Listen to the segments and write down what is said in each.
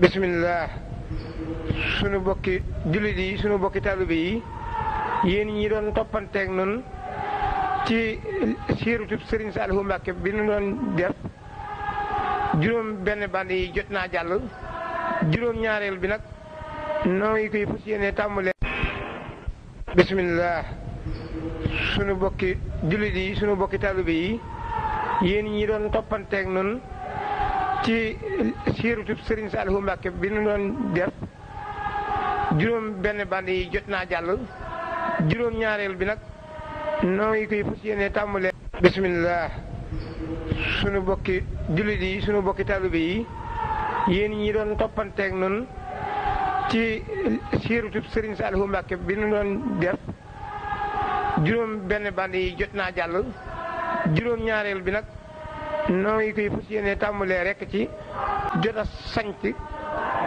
bisimilah sunu bokki jullit yi sunu bokki taalibe yi yéen ñi doon toppanteeg nun ci siirutub Serigne Saliou Mbacke bi nu doon def juróom benn band yi jot naa jàll juróom ñaareel bi nag noo ngi koy fas yéene tàmbalee bisimilah sunu bokki jullit yi sunu bokki taalibe yi yéen ñi doon toppanteeg nun ci siirutub Sëriñ Saalihu Mbàkke bi nu doon def juróom benn band yi jot naa jàll juróom ñaareel bi nag noo ngi koy fas yéene tàmbalee bismillah sunu bokki jullit yi sunu bokki taalibe yi yéen ñi doon toppanteek nun ci siirutub Sëriñ Saalihu Mbàkke bi nu doon def juróom benn band yi jot naa jàll juróom ñaareel bi nag noo ngi koy fas yéene tàmbalee rekk ci jot a sanc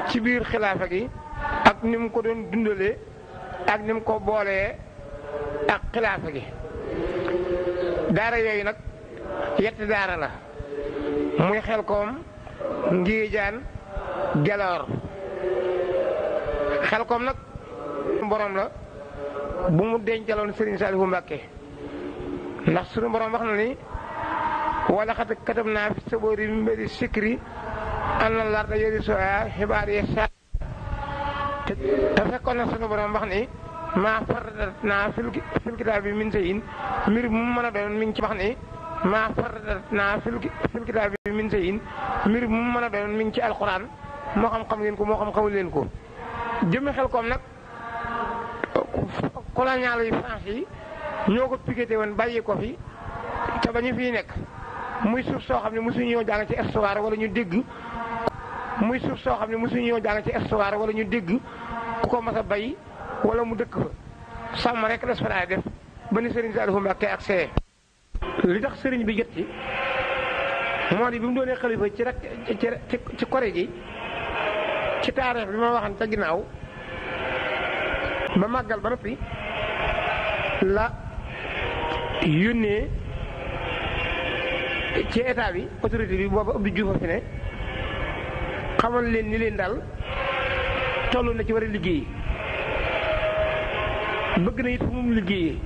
ci biir xilaafa gi ak nim ko doon dundalee ak ni mu ko boolee ak xilaafa gi daara yooyu nag yetti daara la muy xel koom ngiijaan geloor xel koom nag borom la bu mu dencaloon Serigne Saliou Mbacké ndax sunu borom wax na ni wala xat katam naa fi saboori mi mbiri sikri an na larda yori sooya xibaar ye sa te fekkoon na sunu borom wax ni maa fardat naa fil kitaab bi min mbir mu mën a doon mi ngi ci wax ni maa fardat naa fil kitaab bi min sayin mën a doon mi ngi ci alxuraan moo xam xam leen ko moo xam xamul leen ko jëmmi xel koom nag colonial yi France yi ñoo ko piqueté woon bàyyi ko fi te ba nekk muy suuf soo xam ne mosu ñoo jàng ci histoire wala ñu dégg muy suuf soo xam ne mosu ñoo jàng ci histoire wala ñu dégg ku ko mas a bay wala mu dëkk fa sàmm rek la fa def ba ni sëriñ Saalihu Mbàkke ak see li tax sëriñ bi jot ci moo di bi mu doonee xalifa ci rek ci ci kore ji ci taarix bi ma waxan ca ginnaaw ba màggal ba noppi la yónnee ci état bi autorité bi booba Abdou Diouf fi ne xamal leen ni leen daal toll na ci war a liggéey bëgg na it fu mu liggéeyee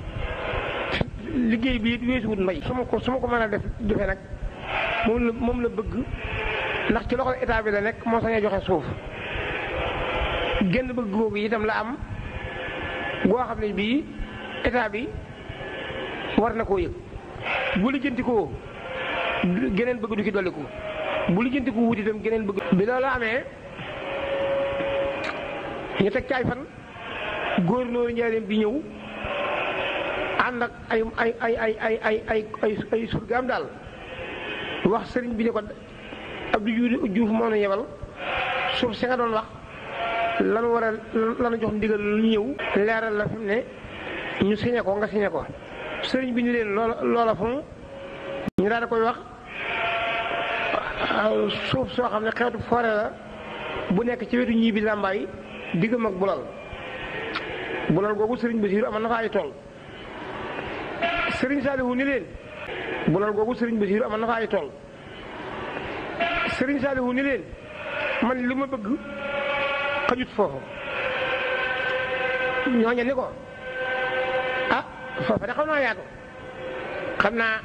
liggéey bi it weesuwut mbay su ma ko su ma ko mën a def defee nag moom moom la bëgg ndax ci loxo état bi la nekk moo sañee joxe suuf génn bëgg googu itam la am goo xam ne bii état bi war na koo yëg bu lijjanti koo geneen bëgg du ci dolliku bu lijjantiku wut itam geneen bëgg bi loolu amee ñu teg caay fan góornóoru njaareem bi ñëw ànd ak ay ay ay ay ay ay ay ay ay surgaam daal wax sëriñ bi ne ko Abdou Diouf moo na yebal suuf si doon wax lan war a lan jox ndigal lu ñëw leeral la fi ne ñu signé ko nga signé ko sëriñ bi ni leen loola loola fa ñu daal koy wax suuf soo xam ne xeetu forêt bu nekk ci wetu ñii bi làmbaay diggam ak bulal bulal googu sëriñ Basiiru amoon na fa ay tool sëriñ Saalihu ni leen bulal googu sëriñ leen man li ma bëgg xajut foofu ñooñu ni ko ah foofa de xam naa yaatu xam naa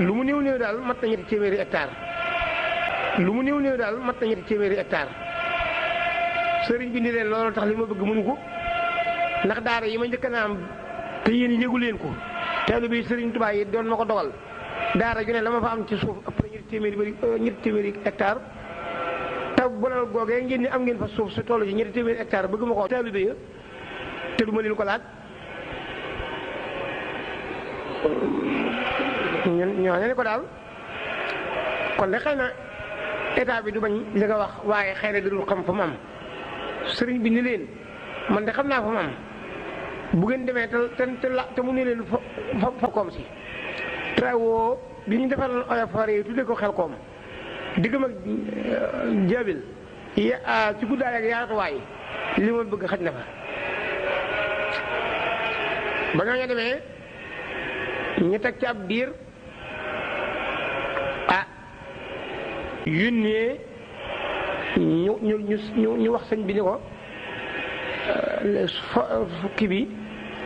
lu mu néew néew daal mat na ñetti téeméeri hectare lu mu new néew daal mat na ñetti téeméeri ectare sëriñ bi leen loolu tax li ma bëgg mënu ko ndax daara yi ma njëkk na am te yéen yëgu leen ko teelu bi sëriñ Tuubaa yi doon ma ko dogal daara ju ne la ma fa am ci suuf ëpp na ñetti téeméeri bëri euh, te bu la googee ngeen ni am ngeen fa suuf su toll ci ñetti téeméeri hectare bëgg ma ko teelu bi te du ma leen ko laaj ñun ñooñu ne ko daal kon de xëy na état bi du bañ li nga wax waaye xëy na dul xam fa mu am sëriñ bi ni leen man de xam naa fa mu am bu ngeen demee te te mu ni leen fa fa koom si. travaux bi ñu defal oyofoor yi tuddee ko xel koom diggam ak euh, jaabil ci guddaay ak yaatuwaay li ma bëgg xaj na fa. ba nga demee ñu teg ci ab diir. yónnee ñu ñu ñu ñu wax sëñ bi ni ko euh, fukki bi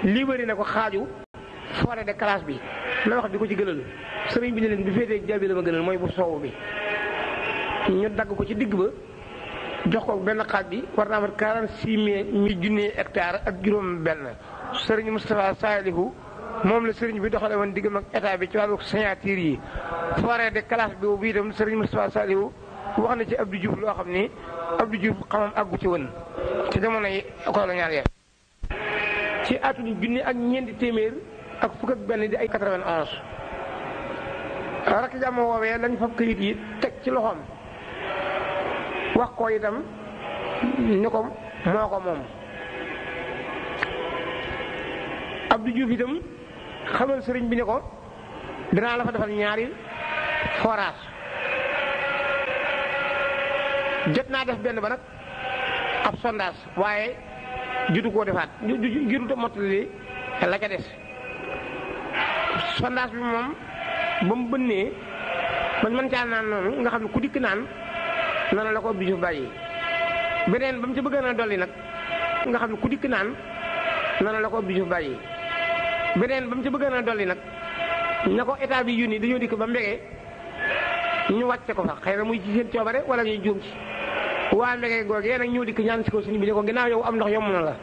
libéré na ko xaaju forêt de classe bi na wax bi ko ci gënal sëriñ bi ne leen bi féetee jaabi la ma gënal mooy bu soow bi ñu dagg ko ci digg ba jox ko benn xaaj bi war naa amat quarante six mille junne hectares ak juróom benn sëriñ Moustapha Saalihu moom la sëriñ bi doxale woon diggam ak état bi ci wàllu signature yi forêt de classe bi bi itam sëriñ Moustapha Saliou wax na ci Abdou Diouf loo xam ni Abdou Diouf xamam àggu ci woon ci jamono yi coloniale ci atum junni ak ñeenti téeméer ak fukk ak benn di ay 91. rakk jàmm woowee lañ fab këyit yi teg ci loxoom wax ko itam ni ko moo ko moom Abdou Diouf xamal sering bi ne ko dina la fa defal ñaari forage jot def ben ba nak ab sondage waaye jutu koo defaat jutu ta mottali la ca def sondage bi mom bam mu man man ca naan non nga xamni ku dik naan nana la ko bi ju bayyi benen bam ci bëgg na nga xamni ku dik naan nana la ko bi ju bayyi benen bam ci bëggoon a dolli nag na état bi yuni dañu dikk ba mbégé ñu wàcce ko fa xëy muy ci seen ciobare wala ñu joom ci waa mbege googee nag ñu dikk ñaan ci ko suñu bi ne ko ginnaaw yow am ndox yom na la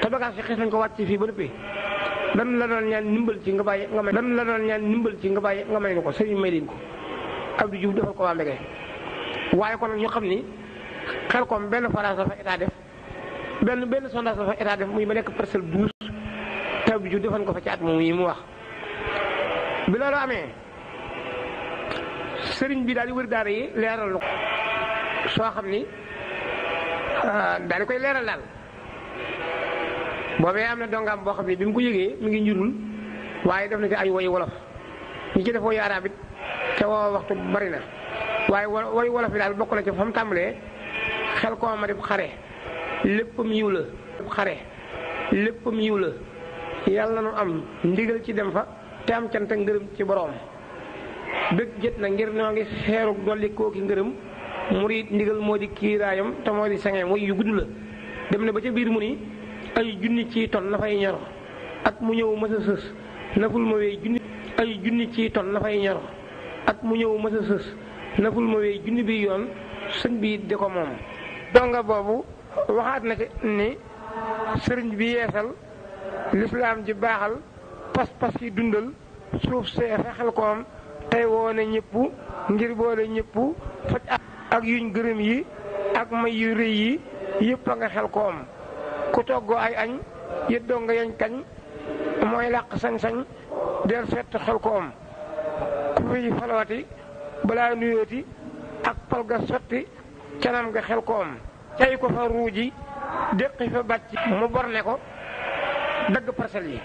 ta baga yi xis nañ ko wàcc fi ba noppi dan la doon ñaan nimbal ci nga baye nga may dan la doon ñaan nimbal ci nga baye nga may ni ko sëriñ may leen ko Abdou Diouf defal ko wa mbégé waye ko nak ñu xamni xel ko benn forage fa état def benn benn sondage fa état def muy ma nek parcel 12 ju defoon ko fa ci at moom yi mu wax bi loolu amee sëriñ bi daal di wër daara yi leeral ko soo xam ni ah, daal di koy leeral daal boobee am na dongam boo xam ne bi mu ko yëgee mu ngi njurul waaye def na ci ay woy wolof ñi ci def woyu arab it waxtu bari na waaye woy wolof yi daal bokk na ci fa mu tàmbalee xel koo ma def xare léppam yiw la xare léppam yiw la yàlla na nu am ndigal ci dem fa te am cant ngërëm ci boroom bëgg jët na ngir noo ngi seeru dolli kooki ngërëm murid ndigal moo di kiiraayam te moo di sangeem way yu gudd la dem na ba ca biir mu ni ay junni ciy ton la fay ñaro at mu ñëw mës a sës naful ma wey junni ay junni mu ñëw mës a sës bi yoon sëñ bi di ko moom donga boobu waxaat na ni sëriñ bi yeesal lislaam ji baaxal pas-pas yi dundal suuf see xel koom tey woone ñëpp ngir boole ñëpp ak yuñ gërëm yi ak may yu rëy yi yëpp a nga xel koom ku toggoo ay añ yëddoo nga yañ kañ mooy làq sañ-sañ del fett xel koom ku fiy falawati balaa nuyooti ak pal ga sotti canam nga xel koom cay ko fa ruuji déqi fa bàcc mu borne ko dëgg parcelles yi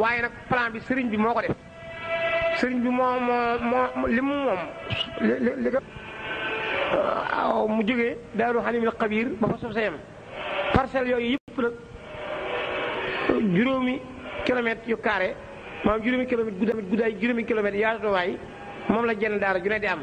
waaye nag plan bi sëriñ bi moo ko def sëriñ bi moo moo moo li mu moom li li mu jógee daaru xalimil xabiir ba fa suuf sa yem yooyu yëpp nag juróomi kilomètres yu carré maanaam juróomi kilomètre guddaay guddaay juróomi kilomètres yaatuwaay moom la jenn daara ju ne di am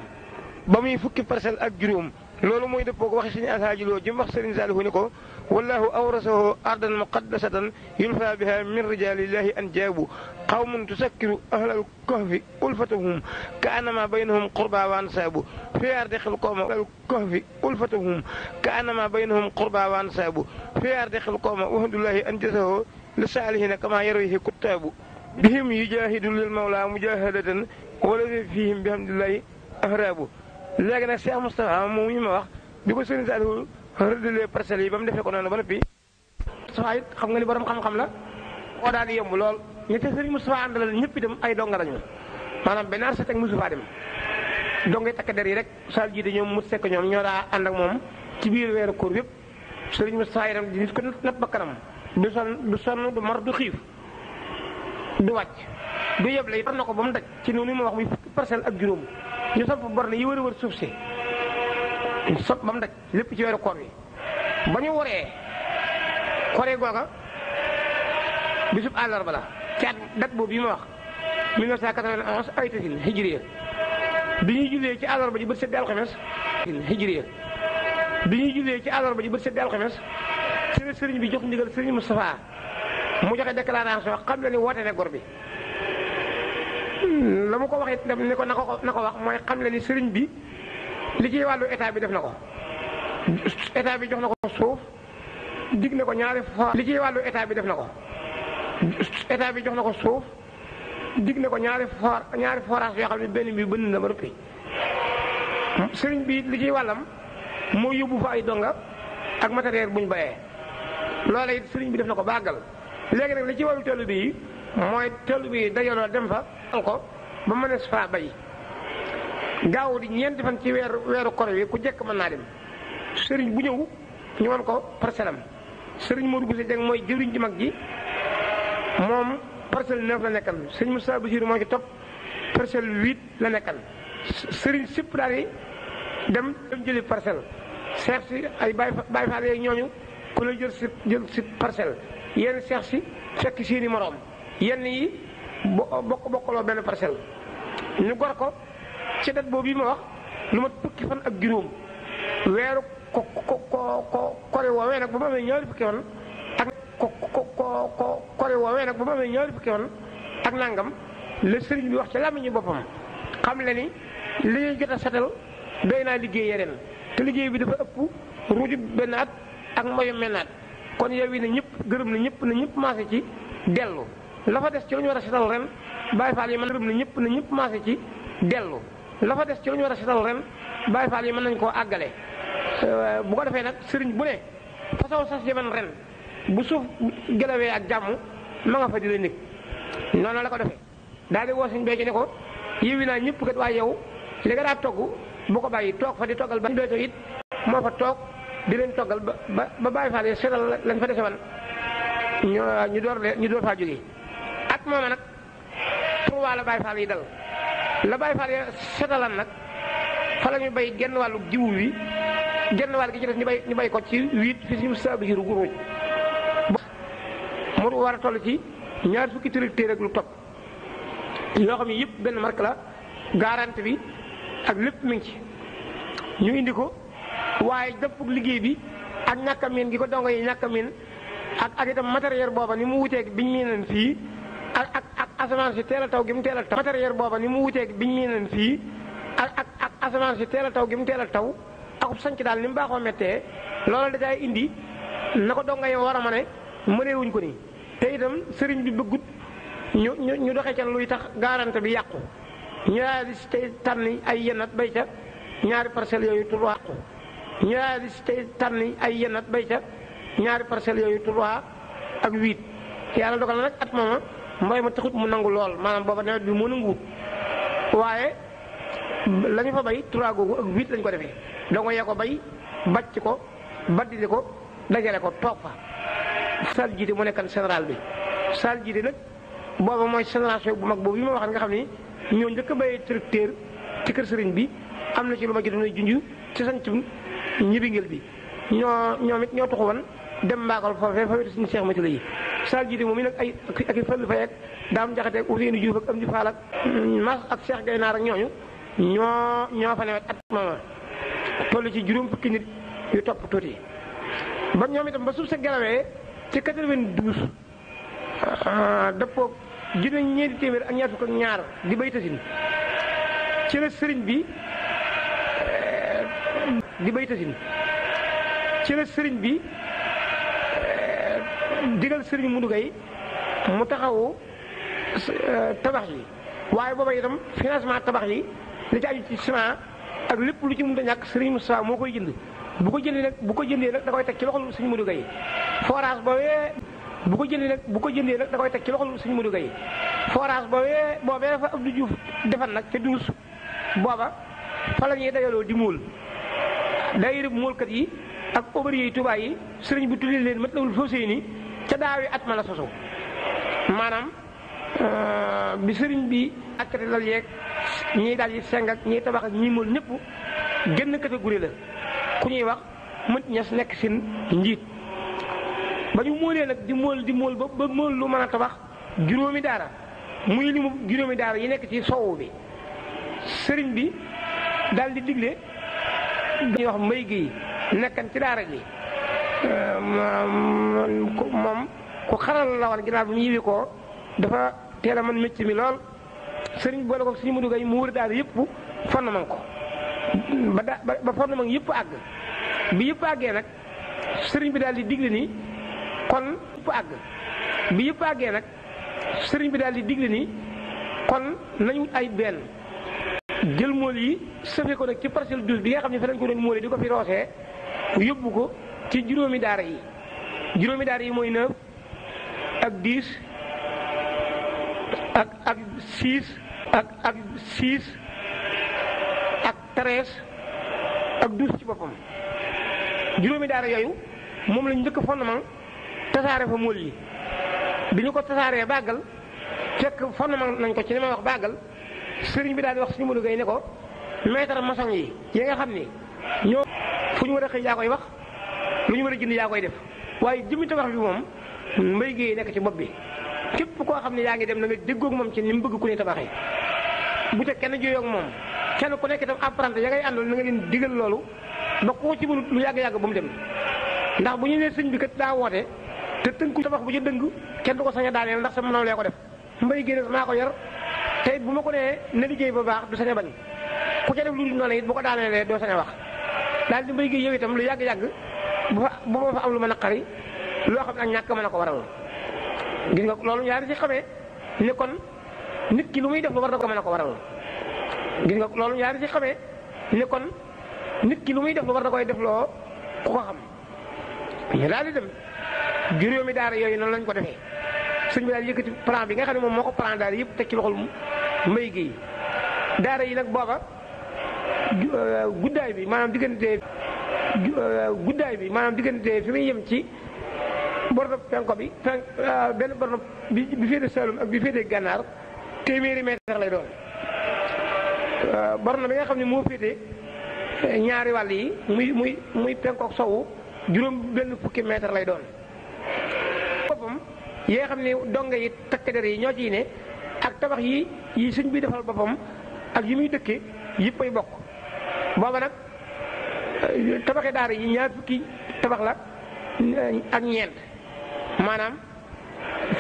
ba muy fukki parcelle ak juróom loolu mooy dëppoo ko waxi suñu asaaji loo jëm wax sëriñ Saliou ni ko والله أورثه أرضا مقدسة ينفى بها من رجال الله أن جابوا قوم تسكر أهل الكهف ألفتهم كأنما بينهم قربى وانساب في أرض القوم أهل الكهف ألفتهم كأنما بينهم قربى وانساب في أرض القوم وهد الله أنجزه لسالهن كما يرويه كتاب بهم يجاهد للمولى مجاهدة والذي فيهم بحمد الله أهراب لكن الشيخ مصطفى مومي ما wax bi ko rëddale parcelles yi ba mu ko noonu ba noppi Moustapha it xam nga ni borom xam-xam la daal di lool ñi te sëriñ Moustapha àndalal ñëpp itam ay donga lañu maanaam benn arset ak Moustapha dem dongay takk der yi rek sal jiite ñoom mu sekk ñoom ñoo daa ànd ak moom ci biir weeru koor yëpp sëriñ Moustapha itam di nit ko napp ba du son du sonn du mar du du du daj ci wax muy parcelle ak ñu borne yi wër suuf sot ba mu daj lépp ci weeru koor wi ba ñu waree koree googa bisub àllarba la caat date boobu yi ma wax 1991 ay tasin hijriya bi ñuy jullee ci àllarba ji bët sedd alxames hijriya bi ñuy jullee ci ba ji bët sedd alxames sëriñ sëriñ bi jox ndigal sëriñ Moustapha mu joxe déclaration xam na ni woote ne gor bi la mu ko waxee ne ko na ko wax mooy xam na ni sëriñ bi li ci wàllu état bi def na ko état bi jox na ko suuf dig na ko ñaari fois li ci wàllu état bi def na ko état bi jox na ko suuf ko ñaari for ñaari forage yoo xam ne benn bi bënn na ba noppi sëriñ bi li ciy wàllam moo yóbbu fa ay donga ak matériel bu bayee loola it sëriñ bi def na ko bàggal léegi nag li ci wàllu tëll bi mooy tëll bi dajaloo dem fa al ko ba mënees faa bay gaaw di ñent fan ci wër weeru kor Sering ku jekk mën naa dem sëriñ bu ñëw ñu wan ko parcelam sëriñ Modou Goussé Dieng moy jëriñ ji mag ji mom parcel neuf la nekkal sëriñ Moussa Bachir mo ci top parcel huit la nekkal sëriñ sip daal yi dem dem jëli parcel. seex ci ay bay bay faal yeeg ñooñu ku la jël sip jël sip parcel yeen seex ci fekk seeni morom yenn yi bokk lo benn parcel ñu gor ko ci dat boobu yi ma wax lu mat fukki fan ak juróom weeru ko ko ko kori woowee nag ba mu amee ñaari fukki fan ak ko ko ko kori woowee nag ba mu amee ñaari fukki fan ak nangam la sëriñ bi wax ci làmmiñu boppam xam le ni li ñuy jot a setal doy naa liggéey yeneen te liggéey bi dafa ëpp ruujub benn at ak moyu menn at kon yow yi ne ñëpp gërëm na ñëpp na ñëpp maase ci dellu la fa des ci lu ñu war a setal ren bàyyi faal yi man gërëm na ñëpp na ñëpp maase ci dellu la fa des ci lu ñu war a setal ren Baay Faal yi mën nañ koo àggale euh, bu ko defee nag sëriñ bu ne façon sas yemen ren bu suuf gelawee ak jàmm ma nga fa di la nekk noonu la ko defee daal di woo suñ béykat ne ko yiwi naa ñëpp kat waaye yow li nga daa togg bu ko bàyyi toog fa di toggal ba béykat it moo fa toog di leen ba ba ba Baay Faal yi setal lañ fa dese wan ñu ñu door leen ñu door faa jógee at moom nag pour wàllu Baay Faal yi dal. la Baye Fall ya setalan nag fa ñu bay genn wàllu jiwu wi genn wàll gi ci def ñu bay ñu bay ko ci huit fi si saabu jiru guruuj mu war a toll ci ñaar fukki tracteur lu topp yoo xam ne yëpp benn marque la garantie bi ak lépp mi ngi ci ñu indi ko waaye dëppug liggéey bi ak ñàkk gi ko dongo yi ñàkk a ak ak matériel booba ni mu wuteeg biñ miinan fii asamaan si teel a taw gi mu teel a booba ni mu wuteeg biñ miinan fii ak ak ak asamaan si teel a taw gi mu teel a taw akub sanc daal ni mu baaxoo méttee da dajaay indi na ko donga yow war a ma ne wuñ ko ni te itam sëriñ bi bëggut ñu ñu doxe doxee ca luy tax garante bi yàqu ñu daal di si tey ay yenn bay ca ñaari parcelles yooyu tur yàqu ñu di si ay yenat bay ca ñaari parcelles yooyu tur ak huit yàlla dogal nag at mooma mbay ma taxut mu nangu lol manam booba ne bi mo nangu waye lañu fa bay 3 googu ak 8 lañ ko defé dongo nga yako bay bacc ko baddili ko dajale ko toog fa sal jidi mo nekkal général bi sal jidi nak booba moy génération bu mag bobu yi ma waxal nga xamni ñoo ñëk a tracteur ci kër sëriñ bi amna ci lu ma jotoon junj ci sancum ñibingil bi ñoo ñoomit ñoo taxawoon dem mbaakal foofee fa wetu suñu seex matula yi sal jiite moom i nag ay ak i fëll fay ak daam jaxate ak Ousseynou Diouf ak am di faal mas ak seex gaynaar ak ñooñu ñoo ñoo fa newet at mama toll ci juróom fukki nit yu topp tuuti ba ñoom itam ba suuf sa gelawee ci 92 euh, dëppoo juróom ñeenti téeméer ak ñaar fukk ak ñaar di bay tasin ci la sëriñ bi euh, di bay sëriñ bi digal sëriñ Modou Gueye mu taxawu euh, tabax yi waaye booba itam financement tabax yi li ci aju ci ciment ak lépp lu ci mun a ñàkk sëriñ Moustapha moo koy jënd bu ko jëndee nag bu ko jëndee nag da koy teg ci loxol sëriñ Modou Gueye forage boobee bu ko jëndee nag bu ko jëndee nag da teg ci loxol sëriñ Modou Gueye forage boobee boobee dafa Abdou Diouf defan nag ca dunus booba fa la ñuy dajaloo di móol daayira móolkat yi ak ouvrier yi Tuubaa yi sëriñ bi tuddee leen mat lawul foo séy ni ca daawi at ma la sosu maanaam euh, bi sëriñ bi ak lal yeeg ñii daal yi seng ak ñii tabax ak ñii mool ñëpp génn catégorie la ku ñuy wax mët ñas nekk seen njiit ba ñu moolee nag di móol di móol ba ba lu mën a tabax juróomi daara muy limu juróomi daara yi nekk ci soowu bi sëriñ bi dal di digle dañuy wax mbay gi nekkan ci daara ji moom ku xaral la woon ginnaaw bi mu yiwi ko dafa teel a man métti mi lool sëriñ boole ko suñu mudu gay mu daal yëpp fonn man ko ba da ba fonn man yëpp àgg bi yëpp àggee nag sëriñ bi daal di digle ni kon yëpp àgg bi yëpp àggee nag sëriñ bi daal di digle ni kon nañu ay benn jël mool yi sëfee ko nag ci parcelle douce bi nga xam fa lañ ko doon mool yi fi roosee yóbbu ko ci juróomi daara yi juróomi daara yi mooy neuf ak diis ak ak six ak ak six ak treize ak douze ci boppam juróomi daara yooyu moom lañu njëkk fondement tasaare fa mool yi bi ñu ko tasaaree bàggal fekk fondement nañ ko ci li ma wax bàggal sëriñ bi daal di wax suñu mënu gay ne ko maître maçon yi yi nga xam ni ñoo fu ñu war a xëy yaa koy wax lu ñu mën a jënd yaa koy def waaye jëmmi tabax bi moom mbay gi nekk ci bopp bi képp koo xam ne yaa ngi dem na nga déggoog moom ci ni mu bëgg ku ne tabaxee bu ca kenn juyoo ak moom kenn ku nekk itam apprenti ya ngay àndoon na nga leen digal loolu ba koo ci mënut lu yàgg-yàgg ba mu dem ndax bu ñu nee sëñ bi kat daa woote te tënku tabax bu ca dëng kenn du ko sañ a daaneel ndax sa mënoon lee ko def mbay gi nag ko yor te it bu ma ko nee na liggéey ba baax du sañ a bañ ku ca def lu dul it bu ko daaneelee doo sañ a wax daal di mbay gi lu yàgg-yàgg bu fa bu ma fa am lu ma naqari loo xam ne ak ñàkk mën a ko waral gis loolu ñaari ci xamee ne kon nit ki lu muy def lu war na ko mën a ko loolu ñaari ci xamee ne kon nit ki lu muy def lu war koy def loo ku ko xam ñu daal di dem juróomi daara yooyu noonu lañ ko defee suñ bi daal yëkkati plan bi nga xam ne moom moo ko plan daara yëpp te ci loxol mbay gi daara yi nag booba euh, guddaay bi maanaam diggante guddaay bi maanaam diggante fi muy yem ci bornop penko bi euh, benn bornop bi bi féete Saalum ak bi féete gànnaar téeméeri mètre lay doon euh, borno bi nga xam ne moo féete euh, ñaari wàll yi muy muy muy penkook sowu juróom benn fukki mètre lay doon boppam yi nga xam ne donge yi takk yi ñoo ciy ne ak tabax yi yi sëñ bi defal boppam ak yi muy dëkke yëpp ay bokk booba nag tabaxe daar yi ñaar fukki tabax la ak ñeent maanaam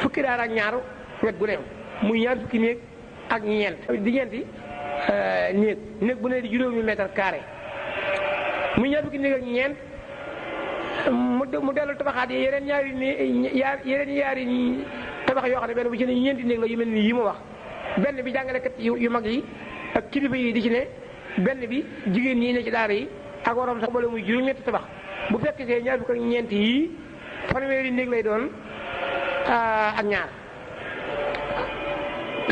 fukki daara ak ñaaru wet gu muy ñaar fukki néeg ak ñeent di ñeenti euh, néeg néeg bu ne di juróomi mètre carré muy ñaar fukki néeg ak ñeent mu mu dellu tabaxaat yi yeneen ñaari ne yaar yeneen yaari tabax yoo xam ne benn bu ci ne ñeenti néeg la yu mel ni yii ma wax benn bi jàngalekat yu mag yi ak kilifa yi di ci ne benn bi jigéen ñi ne ci daara yi ak waroom sax boole muy juróom-ñetti tabax bu fekk see ñaar fukk ak ñeent yii fanweeri néeg lay doon ah, ak ñaar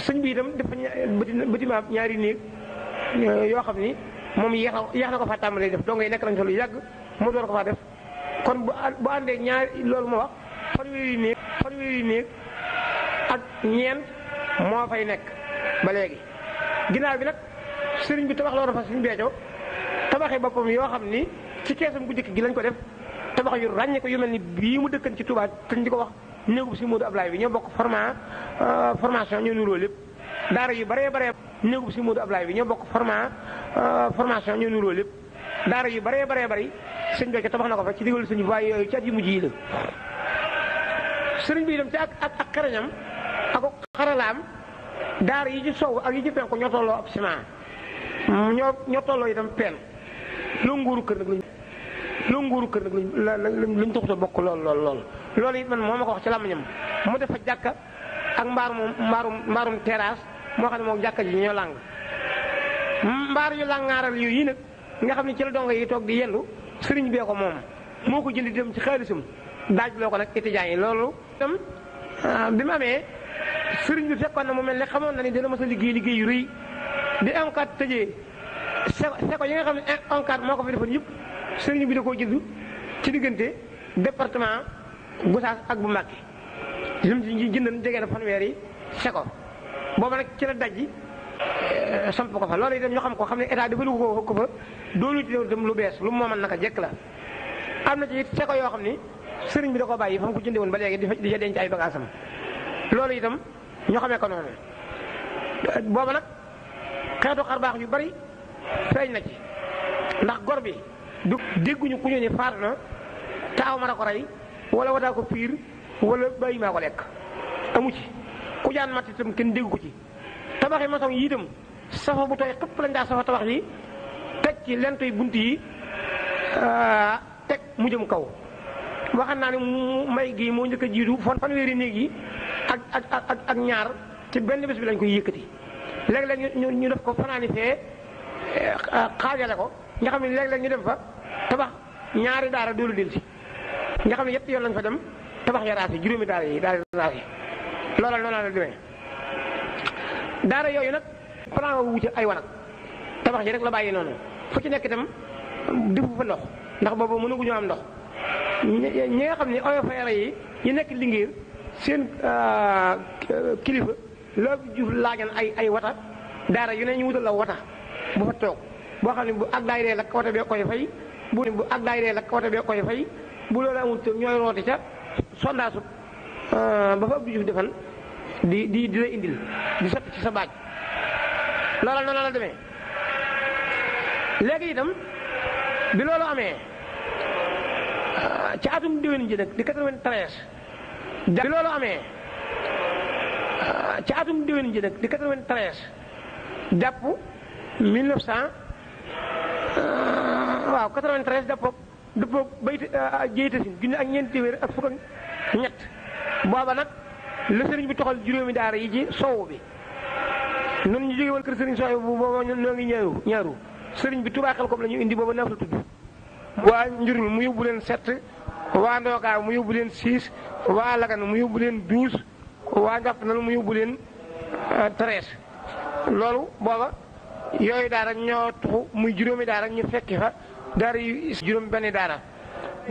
sëñ bi itam dafa bâtiment ñaari néeg yoo xam ni moom yeex yeex na ko faa tàmbalee def dong yi nekk nañ fa lu yàgg mu door ko faa def kon bu bu àndee ñaar loolu ma wax fanweeri néeg fanweeri néeg ak ñeent moo fay nekk ba léegi ginnaaw bi nag sëriñ bi tabax loolu fa suñu beeco tabaxi boppam yoo xam ni ci keesam gu njëkk gi lañ ko def tabax yu ràññee ko yu mel ni bii mu dëkkan ci Touba te ñu di ko wax néegub si Moodu Ablaay bi ñoo bokk forma euh, formation ñoo nuroo lépp daara yu baree baree néegub si Moodu Ablaay bi ñoo bokk forma euh, formation ñoo nuroo lépp daara yu baree baree bari sëñ Béthio tabax na ko fa ci digalu sëñ waaye yooyu ci at yu mujj yi la sëriñ bi dem ci ak ak ak xarañam ak xaralaam daara yi ci sow ak yi ci penku ñoo tolloo ab ciment ñoo ñoo tolloo itam peen loo nguuru kër nag lañ loo kër nag lañ lañ taxut a bokk lool lool lool loolu it man moo ma ko wax ci làmmiñam mu def fa jàkka ak mbaarum mbaarum mbaarum terrasse moo xam ne moo jàkka ji ñoo làng mbaar yu làngaaral yu yii nag nga xam ne ci la dongo yi toog di yendu sëriñ bee ko moom moo ko jënd dem ci xaalisam daaj loo ko nag étudiants yi loolu ah, bi mu amee sëriñ bi fekkoon na mu mel ne xamoon na ni dana mos liggéey liggéey yu rëy di enquête tëjee seko yi nga xam ne ONCAD moo ko fi defoon yëpp sëriñ bi da koo jënd ci diggante département Gossas ak bu Mbacké lim ci jëndoon jege na fanweer yi seko boobu nag ci la dajji eh, samp ko fa loolu itam ñoo xam ko xam ne état dafa dugg ko ko fa doolu ci dem lu bees lu moomal a jekk la am na ci it yoo xam ni sëriñ bi da koo bàyyi fa ko jëndee woon ba léegi di ca denc ay bagaasam loolu itam ñoo xamee ko noonu boobu nag xeetu xar yu bari feeñ na ci ndax gor bi du dégguñu ku ñu ni faatu na taaw ma a ko rey wala wataa ko piir wala bàyyi maa ko lekk amu ci ku jaan matt itam kenn dégg ko ci tabaxi maçon yi itam safa bu tooy xëpp lañ daa safa tabax yi teg ci lentuy bunt yi ah, teg mu jëm kaw waxam naa ne mu may gi moo njëkk a jiitu fan fanweeri néeg yi ak ak ak ñaar ci benn bés bi lañ koy yëkkati léeg-léeg ñu ñu def ko fanaani fee xaajale ko nga xam ne léeg-léeg ñu dem fa tabax ñaari daara doolu dil si nga xam yëpp yoon lañ fa dem tabax ya yi juróomi daara yi daara raas yi loola noonu la yooyu nag plan ay wanag tabax yi rek la bàyyi noonu fu ci nekk itam defu fa ndox ndax boobu ñu am ndox ñi nga xam ne OFR yi yi nekk Linguère seen euh, kilifa loo juuf laajan ay ay wata daara yu ne ñu wutal la wata bu fa toog boo xam ne bu ab daay dee la kawate bee koy fay bu bu ab daay dee la kawate bee koy fay bu loolu amul ñooy roote ca sondaasu euh, ba fa Abdou Diouf defal di di di la indil di sotti ci sa baaj loola noonu la demee léegi itam bi loolu amee ci atum déwén ji nag di 93 bi loolu amee ci atum déwén ji nag di 93 jàpp 1900 euh, waaw 93 dëppoog dëppoog bayte euh, jeytasin junni ak ñeenti téeméer ak fukk ak ñett booba nag la sëriñ bi toxal juróomi daara yi ci soow bi nun ñu jóge woon kër sëriñ sowu bu booba ñun ngi ñaaru ñaaru sëriñ bi Tuubaa Xelkom la ñu indi booba naaf la tudd waa njurul mu yóbbu leen sept waa ndookaa mu yóbbu leen six waa lagan mu yóbbu leen douze waa na nal mu yóbbu leen euh, treize loolu booba yooyu daara ñoo tuxu muy juróomi daara ñu fekki fa daara yu juróom benn daara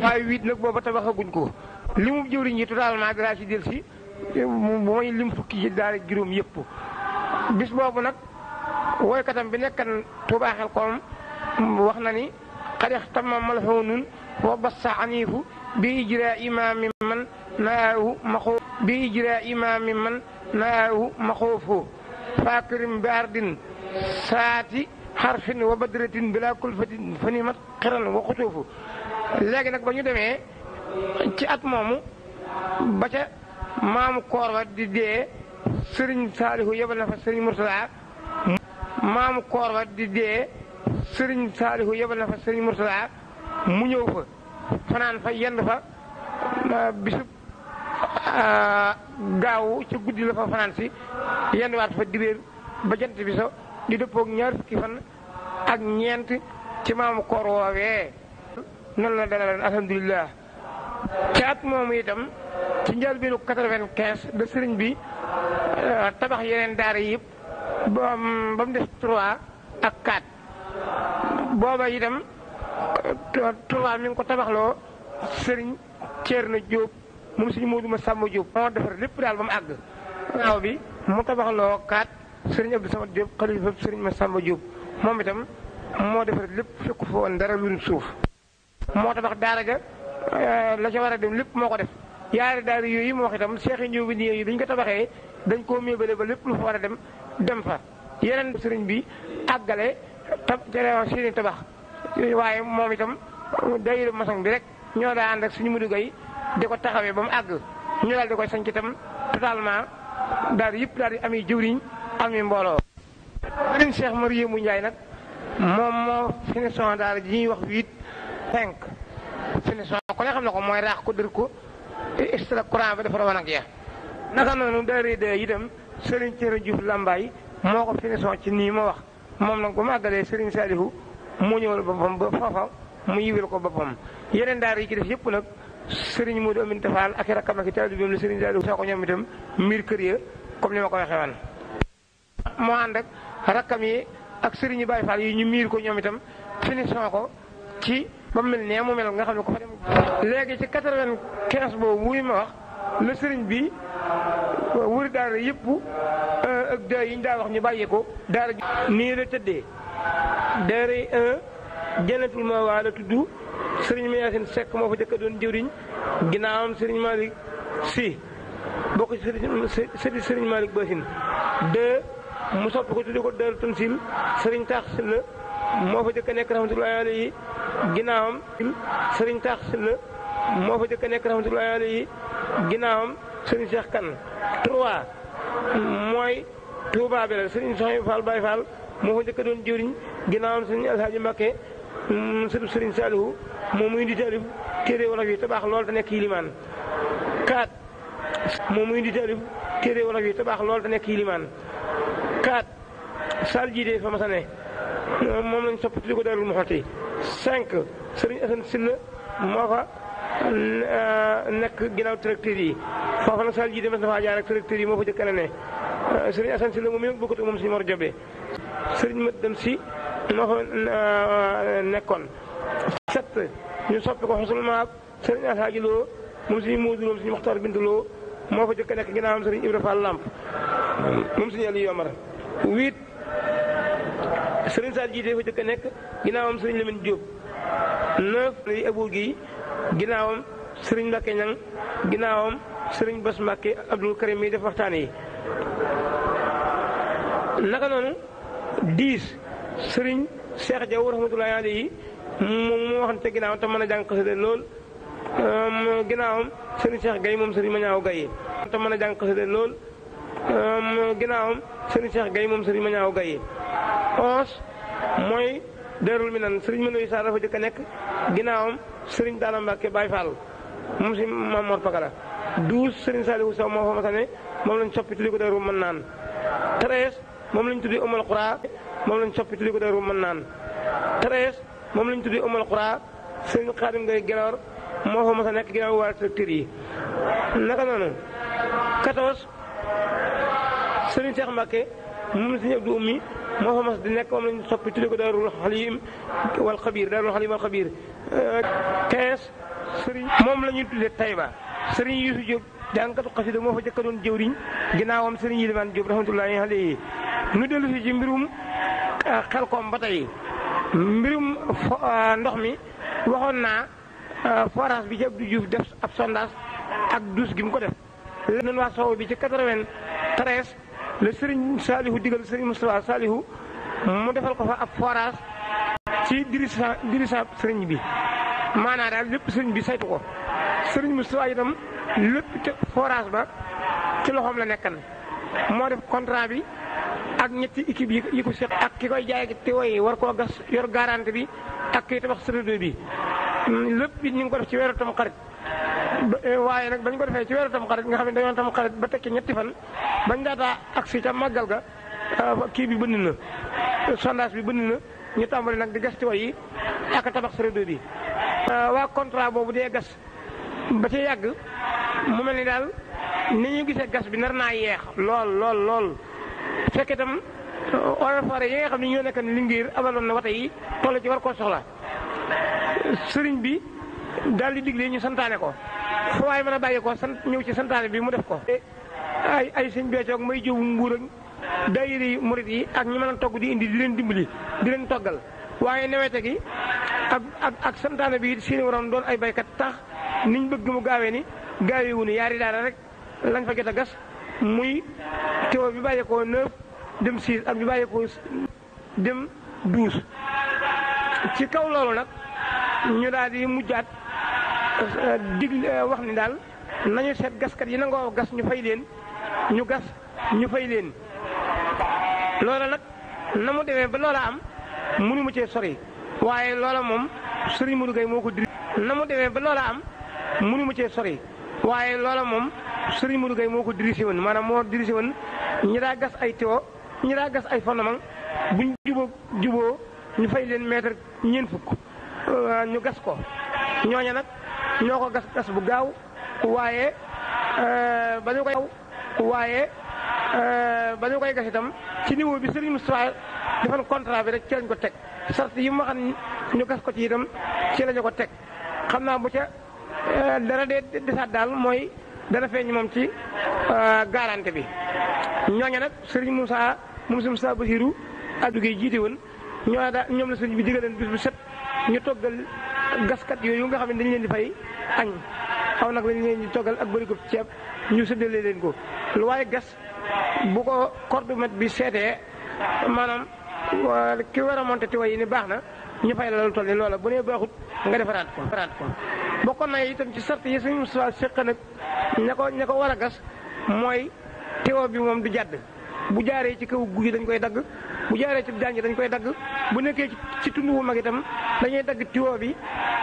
waaye huit nag booba tabaxaguñ ko li mu jëwriñ yi totalement dinaa ci dellu si mooy lim fukki ci daara juróom yëpp. bis boobu nag woykatam bi nekkan Tuubaa Xelkom wax na ni xadex tamma malxoonun wa bassa aniifu bi ijra imaami man naahu maxoo bi ijra imaami man naahu saati xarfin wa badratin bila kulfatin fa ni mat xiran wa xutuufu léegi nag ba ñu demee ci at moomu ba ca maamu koor wa di dee sëriñ saalihu yebal na fa sëriñ murtala maamu koor wa di mu ñëw fa fanaan fa yend fa bisub gaawu ci guddi la fa fanaan si yend waat fa dibéer ba jant bi so di dëppoog ñaar fukki fan ak ñent ci maam koor woowee non la alhamdulillah ci at itam ci lu 95 de sëriñ bi euh, tabax yeneen daara yëpp bam bam def 3 ak 4 booba itam Touba mi ngi ko tabaxloo sëriñ Thierno Diop moom suñu Modou Massamba Diop moo defar lépp daal ba mu àgg. waaw bi mu 4 sëriñ Abdou Samad Diop xalifa sëriñ Massamba Diop moom itam moo defar lépp fekku fa woon dara lu suuf. moo tabax daara ja euh, la ca war a dem lépp moo ko def yaari daara yooyu mu wax itam seex i ñëw bi dañ ko tabaxee dañ koo méebale ba lépp lu fa war a dem dem fa. yeneen sëriñ bi àggale tab seeni tabax waaye moom itam daayira maçon bi rek ñoo daa ànd ak suñu mudu gay di ko taxawee ba mu àgg ñu daal di koy sanc itam totalement. daal di yëpp daal di ami jëwriñ ami mbooloo sëriñ Cheikh mu Ndiaye nag moom moo finition daal ji ñuy wax huit cinq finition ko ne xam ne ko mooy raax ko dër ko extra courant bi dafa wan ak ya naka noonu daari de itam sëriñ Thierno Diouf Lambaye moo ko finition ci nii ma wax moom nag bu màggalee sëriñ Salihu moo ñëwal boppam ba foofa mu yiwil ko boppam yeneen daara yi ci def yëpp nag Serigne Modou Amin Tafal ak i rakkam ak i taalibeem la Serigne Saliou Sakho ñoom itam miir kër ya comme ni ma ko waxee woon. moo rakkam yi ak Serigne Baye Fall yi ñu miir ko ñoom itam finition ko ci ba mel nee mu mel nga xam ne ko fa dem. léegi ci quatre-vingt-quinze boobu wuy ma wax la Serigne bi wuri daara yëpp euh, ak daay yi ñu daa wax ñu bàyyi ko daal nii la tëddee daara un euh, jënatul ma waa la tudd. sëriñ Mayacine sekk moo fa jëkk doon jëwriñ ginnaawam sëriñ Malick si bokk ci sëriñ sëriñ Malick Bassine deux mu sopp ko tudde ko Daaru Tansil sëriñ Taax si moo fa jëkk nekk rahmatullahi alayhi ginnaawam jëkk nekk rahmatullahi alayhi ginnaawam sëriñ Cheikh Kane trois mooy Touba bi la sëriñ Soxna Fall Baye Fall moo fa jëkk doon jëwriñ ginnaawam sëriñ Alhaaji Mbakke sëtu Sëriñ Saalihu moom mu indi taalif téere wolof yi te baax lool te nekk yilimaan kaat moom mu indi taalif téere wolof yi te baax lool nekk yilimaan kaat saal jiite fa masane moom lañ sopp tuddi ko Daarul Muxti cinq Sëriñ Asan Silla moo fa euh, nekk ginnaaw tracteur yi foofa nag saal jiite mas na faa ak tracteur yi moo fa jëkk ne euh, Sëriñ Asan Silla moom mi nag moom Sëriñ Mor Jobe Sëriñ Mat Dem Si ma fa euh, nekkoon set ñu soppi ko xosul maag sëriñ Alhaaji Loo moom suñu muuduloom suñu Maxtaar Bintu Loo moo fa jëkk a nekk ginnaawam sëriñ Ibra Fall Lamp moom suñu Aliou Yomar huit sëriñ Saal jiite fa jëkk nekk ginnaawam sëriñ Lamine Diop neuf lay Abou Guèye ginnaawam sëriñ Mbacke Ñang ginnaawam sëriñ Bas Mbacke Abdoul Karim yi def waxtaan yi naka noonu dix sëriñ Cheikh Jaw rahmatullahi alayhi moom moo waxante ginnaaw te mën a jàng xasida lool ginnaawam sëriñ Cheikh Gaye moom sëriñ Mañaaw Gaye te mën a jàng xasida lool ginnaawam sëriñ Cheikh Gaye moom sëriñ Mañaaw Gaye onze mooy Darul Minan sëriñ Mënooy Saar dafa jëkk a nekk ginnaawam sëriñ Daala Mbàkke Baay Faal moom si Maam Mor Pakala douze sëriñ Saliou Sow moo fa ma sane moom lañ soppi tuddi ko Darul Mannaan treize moom lañ tuddee umal xuraa moom lañ soppi tuddee ko daaru mën naan moom lañ tuddee umal xuraa sëñ xaadim ngay gënoor moo fa mas a nekk ginnaaw waa yi naka noonu quatorze sëriñ moo fa mas di nekk moom lañ soppi tuddee ko daarul xalim wal xabiir daarul xalim wal xabiir moom la ñuy tuddee Tayba sëriñ Yuusu Jóob jàngkatu xasida moo fa jëkka doon jëwriñ ginnaawam sëriñ Yilimaan Jóob rahmatullaahi alayhi nu dellu si ci mbirum euh, xel koom ba tey mbirum euh, ndox mi waxoon naa euh, forage bi ci du Diouf def ab sondage ak douche gi ko def. léegi nag waa Sow bi ci 93 la Serigne Salihu digal Serigne Moustapha Salihu mu defal ko fa ab forage ci dirigeant dirigeant Serigne bi maanaa daal lépp Serigne bi saytu ko Serigne Moustapha itam lépp te forage ba ci loxoom la nekkan moo def contrat bi. ak ñetti équipe yi ko sét ak ki koy jaay te way war koo gas yor garanti bi ak kii tabax sërëdo bi mm, lepp bi ñu ko def ci wéru tam xarit eh, waaye nag bañ ko defee ci wéru tam xarit nga xam ne dañoon tam xarit ba tekki ñetti fan bañ daataa ak si ca màggal ga ah, kii bi bënd na sondage bi bënd na ñu tàmbali nag di gas ci way yi ak tabax sërëdo bi ah, waa contrat boobu dee gas ba ci yàgg mu mel ni daal ni ñu gisee gas bi nar naa yeex lool lool lool fekk itam eaux uh, forêt yi nga xam ne ñoo nekk ni Linguère abaloon na wata yi toll ci war koo soxla sëriñ bi daal di digle ñu santaane ko foo waaye mën a bàyyi ko sant ñëw ci santaane bi mu def ko. Eh, ay ay sëñ Béthio may jëw nguur ak daayira yi murit yi ak ñu mën a togg di indi di leen dimbali di leen toggal waaye newete gi ak ak ak santaane bi it waroon doon ay baykat tax niñ bëgg mu gaawee ni gaawee wu ni yaari daara rek lañ fa jot a gas. muy teew bi bàyyeekoo neuf dem six ak bi bàyyeekoo dem douze ci kaw loolu nag ñu daal di mujjaat euh, dig euh, wax ni daal nañu seet gaskat yi nangoo gas ñu fay leen ñu gas ñu fay leen loola nag na mu demee ba loola am mënu mu cee sori waaye loola moom Serigne Modou Gueye moo na mu demee ba loola am mënu cee sori waaye loola moom sëriñ Modou Gueye moo ko dirigé woon mana moo dirigé woon ñi daa gas ay tiwo ñi daa gas ay fondement buñ juboo juboo ñu fay leen mètre ñeent fukk euh, ñu gas ko ñooña nag ñoo ko gas gas bu gaaw waaye euh, ba ñu koy waaye euh, ba ñu koy gas itam ci niveau bi Serigne Moustapha defan contrat bi rek ci lañ ko teg sart yi ma xam ñu gas ko ci itam ci lañu ko teg xam naa bu ca dara dee desaat daal mooy dana feeñ moom ci euh, garantie bi ñooñu nag sëriñ Moussa moom sëriñ Moussa Basiru addu ki jiite woon ñoo da ñoom la sëriñ bi digaleen bis bu set ñu toggal gaskat yooyu nga xam ne dañ leen di fay añ xaw nag lañu leen di toggal ak bërikub ceeb ñu séddale leen ko lu waaye gas bu ko cordemètre bi seetee maanaam ki war a monté tiwa yi ni baax na ñu fay la loolu toll yi loola bu nee baaxut nga defaraat ko defaraat ko bokkoon na itam ci sart yi suñu soi séq nag ña ko ña ko war a gas mooy teewoo bi moom du jàdd bu jaaree ci kaw guy dañ koy dagg bu jaaree ci jànj dañ koy dagg bu nekkee ci tund wu mag itam dañuy dagg tiwo bi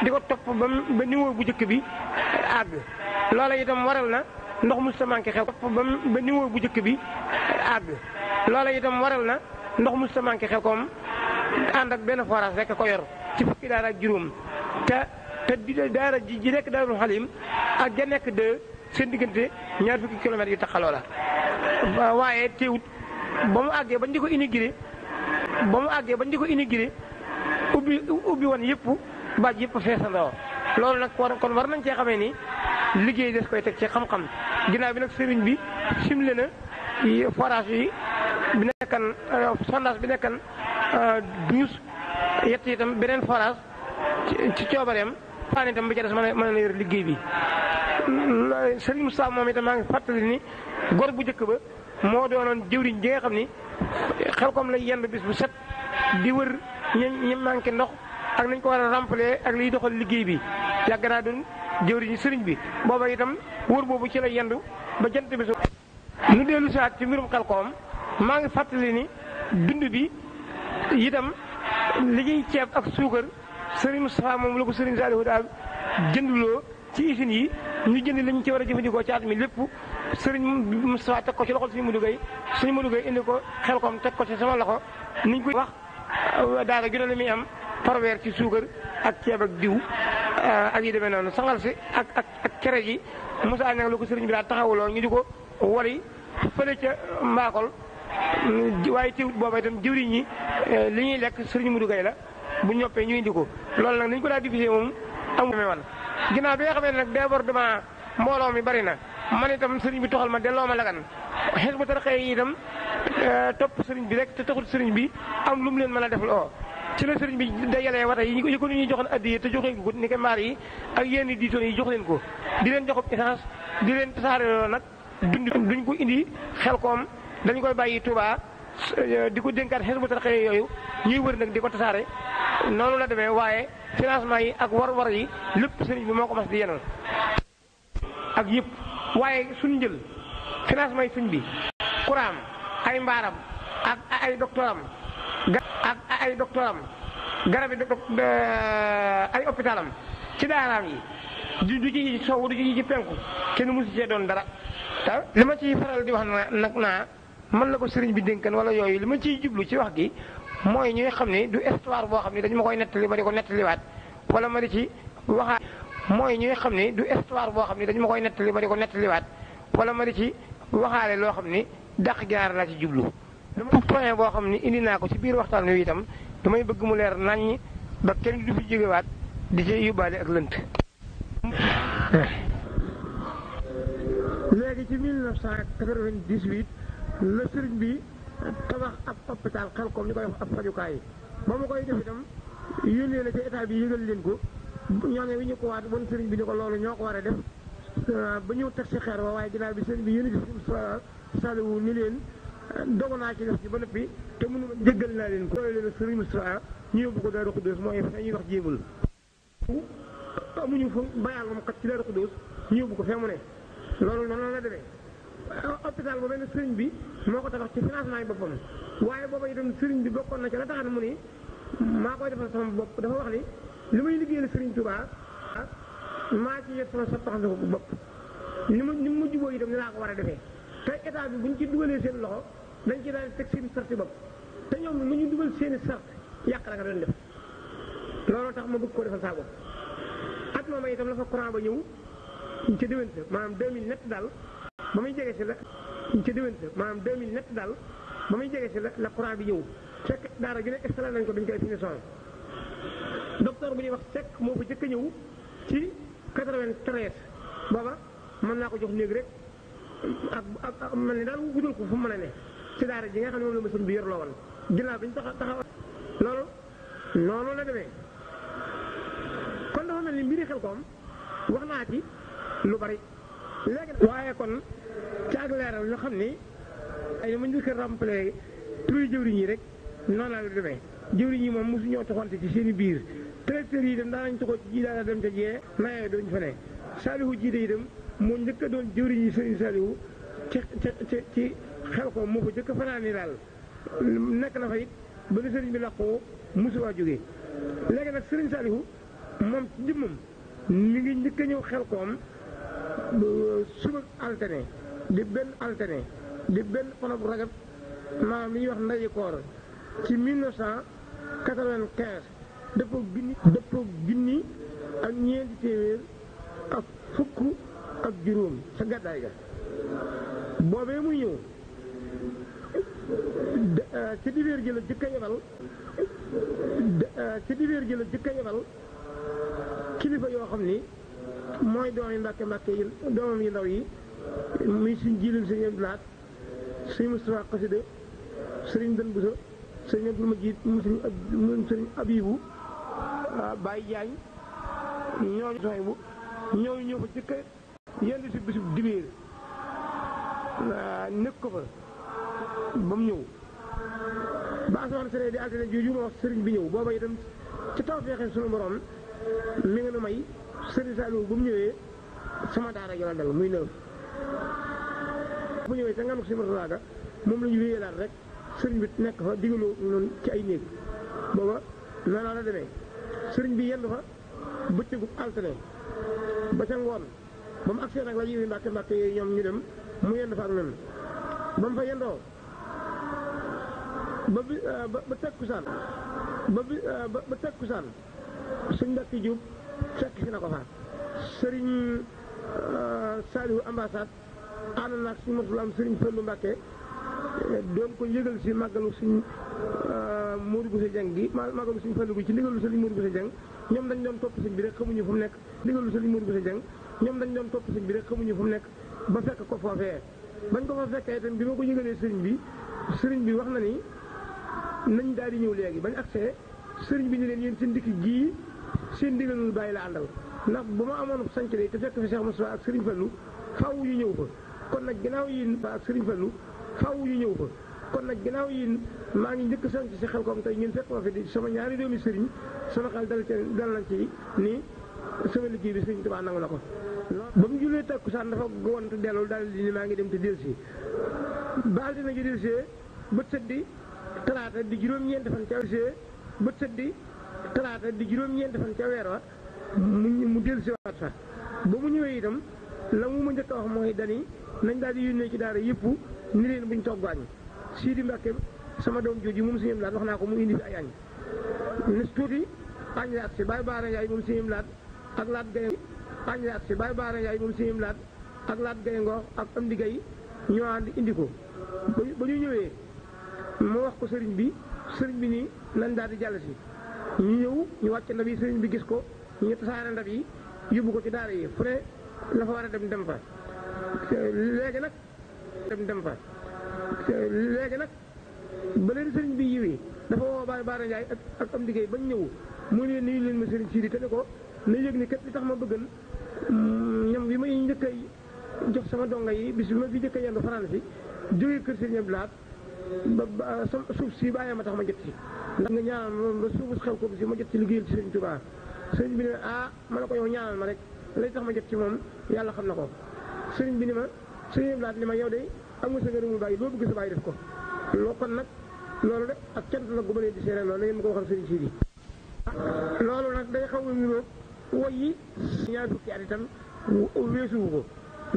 di ko topp ba ba niveau bu njëkk bi àgg loola itam waral na ndox mu sa manqué xew topp ba ba niveau bu njëkk bi àgg loola itam waral na ndox mu sa manqué Xelcom ànd ak benn forage rek ko yor ci fukki daara ak juróom te te di ji ji nekk Daarul ak ja nekk de seen diggante ñaar fukki kilomètres yu taxaloo la. waaye teewut ba mu àggee bañ di ko inauguré ba mu àggee bañ di ko inauguré ubbi ubbi woon yëpp baaj yëpp feesandoo loolu nag war kon war nañ cee xamee ni liggéey des koy teg ci xam-xam ginnaaw bi nag sëriñ bi sim na forage yi. nekkan euh, sondage bi nekkan euh, douze yett itam beneen forage ci coobareem paan itam bi ca des mën a yor liggéey bi Serigne moom itam maa ngi fàttali ni gor bu njëkk ba moo doonoon jëwriñ ji nga kom lay yenn bis bu set di wër ñi nañ ko war a remplir ak liggéey bi yàgg naa sëriñ bi booba itam wër boobu ci la yendu ba jant bi su nu dellu saat ci mbirum xel koom maa ngi fàttali ni dund bi itam liggéey ceeb ak suukar Serigne Moustapha moom la ko Serigne Saliou daal jënduloo ci usines yi ñu jënd lañu ñu ci war a jëfandikoo ci at mi lépp sëriñ Moustapha teg ko ci loxol suñu Modou Gueye suñu Modou Gueye indi ko xel koom teg ko ci sama loxo niñ koy wax euh, daara ju ne mi am par ci suukar ak ceeb ak diw euh, ak yi demee noonu sangal si ak ak ak cere ji Moussa nag la ko Serigne bi daal taxawuloo ñu di ko wari fële ca Mbakol Mm, waaye teewut booba itam jëwriñ ñi eh, li ñuy lekk sëriñ Modou Gaye la bu ñoppee ñu indi ko loolu nag ni ko daa divisé moom amul demee wan ginnaaw bi nga xamee ne nag débordement mbooloo mi bari na man itam sëriñ bi toxal ma delloo ma lagan xes bu tarxee yi itam eh, topp sëriñ bi rek te taxul sëriñ bi am lu mu leen mën a defal oo oh. ci la sëriñ bi dajalee wata yi ñu ko ñu joxoon addiye te jox leen ko ni ko maar yi ak yenn diitoon yi jox leen ko di leen joxob essence di leen tasaare nag dund duñ ko indi xel koom dañ koy bàyyi Touba euh, di ko dénkaat xes bu tarxee yooyu ñuy wër nag di ko tasaare noonu la demee waaye financement yi ak war-war yi lépp sëriñ bi moo ko mas di yenal ak yëpp waaye suñ njël financement yi suñ bi kuraam ay mbaaram ak ay doctoram ak ay doctoram garab yi euh, ay hôpitalam ci daaraam yi du du ci sowu du ci penku kenn musu cee doon dara li ma ci faral di wax nag naa mën na ko sëriñ bi dénkan wala yooyu li ma ciy jublu ci wax gi mooy ñuy xam ne du histoire boo xam ne dañu ma koy nettali ma di ko nettaliwaat wala ma ci waxaat mooy ñuy xam ne du histoire boo xam ne dañu ma koy nettali ma di ko nettaliwaat wala ma di ci waxaale loo xam ni dàq ginaar laa ci jublu. lu point boo xam ni indi naa ko ci biir waxtaan wi itam damay bëgg mu leer naññ ba kenn du fi waat di ci yóbbaale ak lënt. léegi ci 1998. la sëriñ bi tabax ab hôpital xel comme ni koy wax ab fajukaay ba ma koy def itam yónnee na ci état bi yëgal leen ko ñoome wi ñu ko waat woon sëriñ bi ni ko loolu ñoo ko war a def ba ñëw teg si xeer wa waaye ginnaaw bi sëriñ bi yónni si saliwu ni leen dogu naa ci def ci ba noppi te mënu ma jéggal naa leen ko loolu leen sëriñ Moustapha ñu yóbbu ko Daaru Xuddoos mooy fa ñuy wax jéebul amuñu fa bayal moom kat ci Daaru Xuddoos ñu yóbbu ko fee mu ne loolu noonu la hôpital bu mel ne sëriñ bi moo ko tabax ci financement yi boppam waaye booba itam sëriñ bi bokkoon na ci la tax na mu ni maa koy defal sama bopp dafa wax ni li may liggéeyal sëriñ Touba maa ci yor sama sottaxandu bopp ni mu ni mu juboo itam ni laa ko war a defee te état bi bu ñu ci dugalee seen loxo dañ ci daal di teg seen sarti bopp te ñoom mu ñu dugal seen i sart yàq la nga doon def looloo tax ma bëgg koo defal saa bopp at moom itam la fa courant ba ñëw ca déwén sa maanaam 2000 net daal ba muy jege ci la ci déwén sa maanaam 2007 daal ba muy jege si la la courant bi ñëw fekk daara gi ne installé nañ ko dañ koy fi ñu changé docteur bu ñuy wax Seck moo fa jëkk a ñëw ci 93 booba mën naa ko jox léegi rek ak ak man ni daal wutal ko fu mu mën a ne ci daara ji nga xam ne moom la machine bi yor la ginnaaw bi ñu taxaw taxaw loolu noonu la demee kon dafa mel ni mbiri xel koom wax naa ci lu bari léegi waaye kon ci ak leeral ñu xam ni ay ma njëkk a remplir turu yi rek noonu laa demee jëwriñ yi moom mosu ñoo taxante ci seen i biir tracteurs yi itam daanañ taxoo ci ji daana dem ca jiyee nayoo dooñu fa ne jii jiite itam moo njëkk a doon jëwriñ yi Serigne Salihu ci ci ci xel ko moo ko jëkk fanaa ni daal nekk na fa it ba ni Serigne bi làqoo mosu waa jógee léegi nag Serigne Salihu moom ci jëmmam mi ngi njëkk a ñëw xel koom suba alterné di benn altine di benn fanab rajab maanaam li ñuy wax ndaje koor ci 1995 dëppoo junni dëppoo junni ak ñeenti téeméer ak fukk ak juróom sa gàddaay ga boobee muy ñëw euh, ci dibeer ji ji la jëkk euh, yebal kilifa yoo xam ni mooy doomi mbàkke mbàkke yi doomam yi ndaw yi muy suñ jiilal sëñ Abdou Lahad sëñ Moustapha Xasida sëriñ Dan Bousso sëriñ Abdou Majid mu sëriñ ab mu sëriñ Abibu ah, Baye Diagne ñooñu soxna bu ñooñu ñëw fa jëkka yenn si bisub dibéer ah, nekk ko fa ba mu ñëw ba asamaan sëriñ di altine jooju ma wax sëriñ bi ñëw booba itam ci taw feexee sunu borom mi nga nu may sëriñ Saliou ba mu ñëwee sama daara jolal dal muy neuf bu ñëwee sa ngam si Mourtada moom la ñu wéyalaat rek sëriñ bi nekk fa digaloo noonu ci ay néeg booba noonu la demee sëriñ bi yendu fa bëccëgu altine ba ca ngoon ba mu agsee nag la ñuy mbàkke mbàkke yooyu ñoom ñu dem mu yendu fa ak noonu ba mu fa yendoo ba bi euh, ba takkusaan ba bi euh, ba takkusaan sëñ mbàkke Jóob fekk si na ko fa sëriñ Saliou ambassade ànd naag si motul am sëriñ Fallou Mbacké doon ko yëgal si màggalu suñ euh, Modou Bousso Dieng gi màggalu suñ Fallou gi ci ndigalu Serigne Modou Bousso Dieng ñoom dañ doon topp sëñ bi rek xamuñu fu mu nekk ndigalu Serigne Modou Bousso ñoom dañ doon topp sëñ bi rek xamuñu fu mu nekk ba fekk ko foofee bañ ko fa fekkee itam bi ma ko yëgalee Serigne bi sëriñ bi wax na ni nañ daal di ñëw léegi bañ accès sëriñ bi ni leen yéen seen dikk gii seen ndigalul bàyyi la àndal ndax bu ma amoon sanc de te fekk fi Cheikh Moustapha ak Serigne Fallou faw yu ñëw fa kon nag ginnaaw yi ak Serigne Fallou faaw yu ñëw fa kon nag ginnaaw yi maa ngi njëkk sanc si xel koom tey ñun fekk ma fi di sama ñaari doomi Serigne sama xel dal ci nañ ci ni sama liggéey bi Serigne Touba nangu na ko ba mu jullee takkusaan dafa gowante delloo daal di ni maa ngi dem te dellusi baal dina ji dellusi bët sëddi talaata di juróom-ñeent fan ca bët sëddi talaata di juróom-ñeent fan ca weer wa mu mu dellusiwaat fa ba mu ñëwee itam la mu ma njëkk a wax mooy dani nañ daal di yónnee ci daara yëpp ni leen buñ togg añ Sidi Mbàkke sama doom yi moom suñu laat wax naa ko mu indi fi ay añ nes tuuti añ la si bàyyi baara yaay moom suñu laat ak laat gaye añ la si bàyyi baara yaay moom suñu laat ak laat gaye ngoox ak am di gay ñoo ànd indi ko ba ñu ñëwee moo wax ko sëriñ bi sëriñ bi nii nañ daal di jàll si ñu ñëw ñu wàcc na bi sëriñ bi gis ko ñu tasaare ndab yi yóbbu ko ci daara yi fu la fa war a dem dem fa léegi nag dem dem léegi nag ba leen sëriñ bi yiwi dafa woo Baye Baara Ndiaye ak am liggéey bañ ñëw mu ne nii leen ma sëriñ sii di te ne ko na yëg ni kat li tax ma bëggal ñam bi may njëkk a jox sama donga yi bis bi ma fi njëkk a yendu France yi jógee kër sëriñ Abdou Lahat ba suuf si bàyyee ma tax ma jot si ndax nga ñaanal ma suufu xew ko bi si ma jot si liggéeyal ci sëriñ Tuubaa sëriñ bi ne ah ma ne ko yow ñaanal ma rek lay tax ma jot ci moom yàlla xam na ko sëriñ bi ni ma sëriñ bi laat ni ma yow de am a sa ngërëmul bàyyi loo bëgg sa bàyyi def ko loo kon nag loolu de ak cant la gu ma di seeree loolu yéen ma ko waxal sëriñ si bi ah, loolu nag day xaw a niroog woy yi ñaar fukki at itam weesuwu ko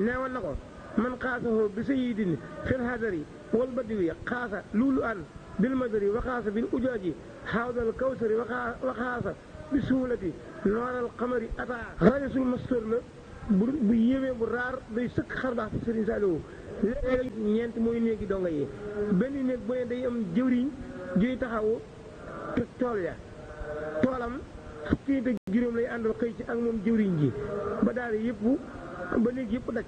neewal na ko man xaasaho bi sayidin fil hadari wal badiwi xaasa luulu an bil madari wa xaasa bil ujaaji xaawdal kawsari wa xaasa bi suhulati nooral xamari ata rajasul master la bu bu yéwee bu raar day sëkk xar baax ci Serigne Saliou léeg-léeg ñeent mooy néegi donga yi benn néeg bu ne day am jëwriñ juy taxawu te tool ya toolam fukki nit juróom lay àndal xëy ci ak moom jëwriñ ji ba daal yëpp ba néeg yëpp daj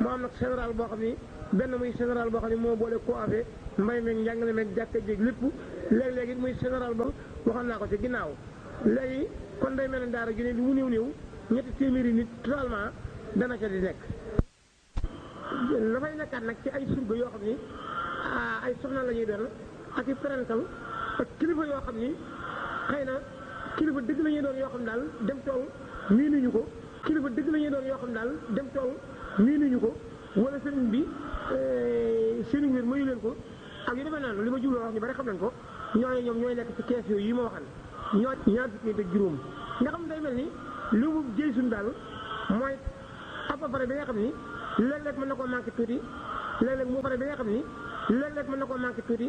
moo am nag général boo xam ni benn muy général boo xam ne moo boole ko affaire mbay meeg njàngale meeg jàkka jéeg lépp léeg-léeg it muy général boo waxoon naa ko ci ginnaaw léegi kon day mel ne daara ju ne lu mu néew néew ñetti téeméeri nit totalement dana ca di nekk la fay nekkaat nag ci ay surga yoo xam ni ah, ay soxna la ñuy doon ak i parental ak kilifa yoo xam ni xëy na kilifa dëgg la ñuy doon yoo xam daal dem tool miinuñu ko kilifa dëgg la ñuy doon yoo xam daal dem tool miinuñu ko wala sëriñ bi eh, sëriñ bi mayu leen ko ak yu li ma jubloo wax ñu bari xam nañ ko ñooñu ñoom ñooy nekk ci kees yooyu yi ma waxal ñoo ñaar fukki nit ak juróom nga xam day mel ni lu mu jëy suñ daal mooy ab appareil bi nga xam ni léeg-léeg mën na koo manqué tuuti léeg-léeg moo appareil bi xam ni léeg-léeg mën na koo manqué tuuti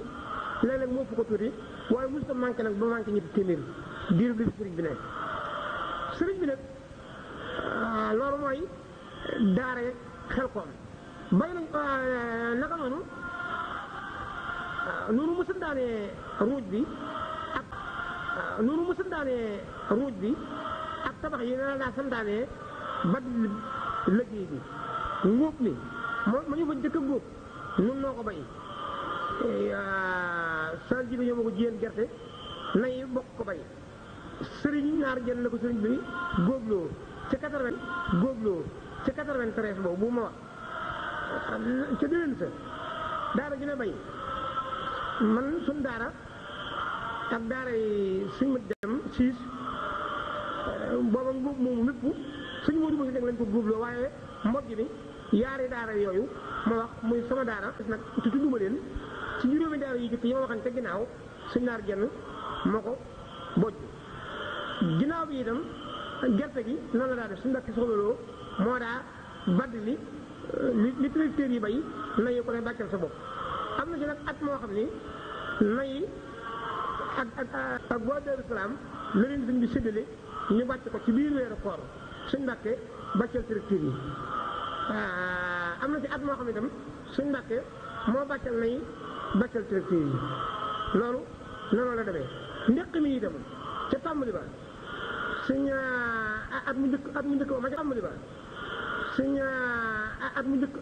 léeg-léeg mu ëpp ko tuuti waaye mosut a manqué nag ba manqué ñetti téeméer diiru bi sëriñ bi nekk bi nag ah, loolu mooy daare xel koom bay nañ ah, naka noonu ah, noonu mu ruuj bi Ah, noonu mu santaanee ruuj bi ak tabax yi na daa santaanee ba liggéey bi ngóob mi moo ma ñu fa njëkk a nun noo ko bay eh, ah, sal ji bi ñoo ma ko jiyeen gerte nay bokk ko bay sëriñ naar jël na ko sëriñ bi góobloo ca quatre-vingt góobloo ca quatre-vingt-treize boobu bu ma wax ah, ca déwén sa daara ji ne bay man sun daara ak daara yi suñu mën dem siis euh, booba nguub moomu mépp suñu Modou Bousso Dieng lañ ko guubloo waaye mbokk bi yaari daara yooyu ma wax muy sama daara nag ci tudduma leen ci juróomi daara yu jëkk yi ma waxoon te ginnaaw suñ naar jenn moo ko bojj ginnaaw bi itam gerte gi noonu la daa def suñu mbokk soxlaloo moo daa badd euh, li li tracteurs yi bay nayu ko ne bàccal sa bopp am na ci nag at moo xam ni nayi ak ak ak waa Daaru Salaam la leen sëñ bi séddale ñu wàcc ko ci biir weeru koor suñ mbàkke bàcceel tracteurs yi ah, am na ci at moo xam ne itam suñ mbàkke moo bàcceel nay bàcceel tracteurs yi loolu noonu la demee ndéq mi itam ca tàmbali ba suñ ah, ah, at mu njëkk at mu njëkk ba ma ca at mu njëkk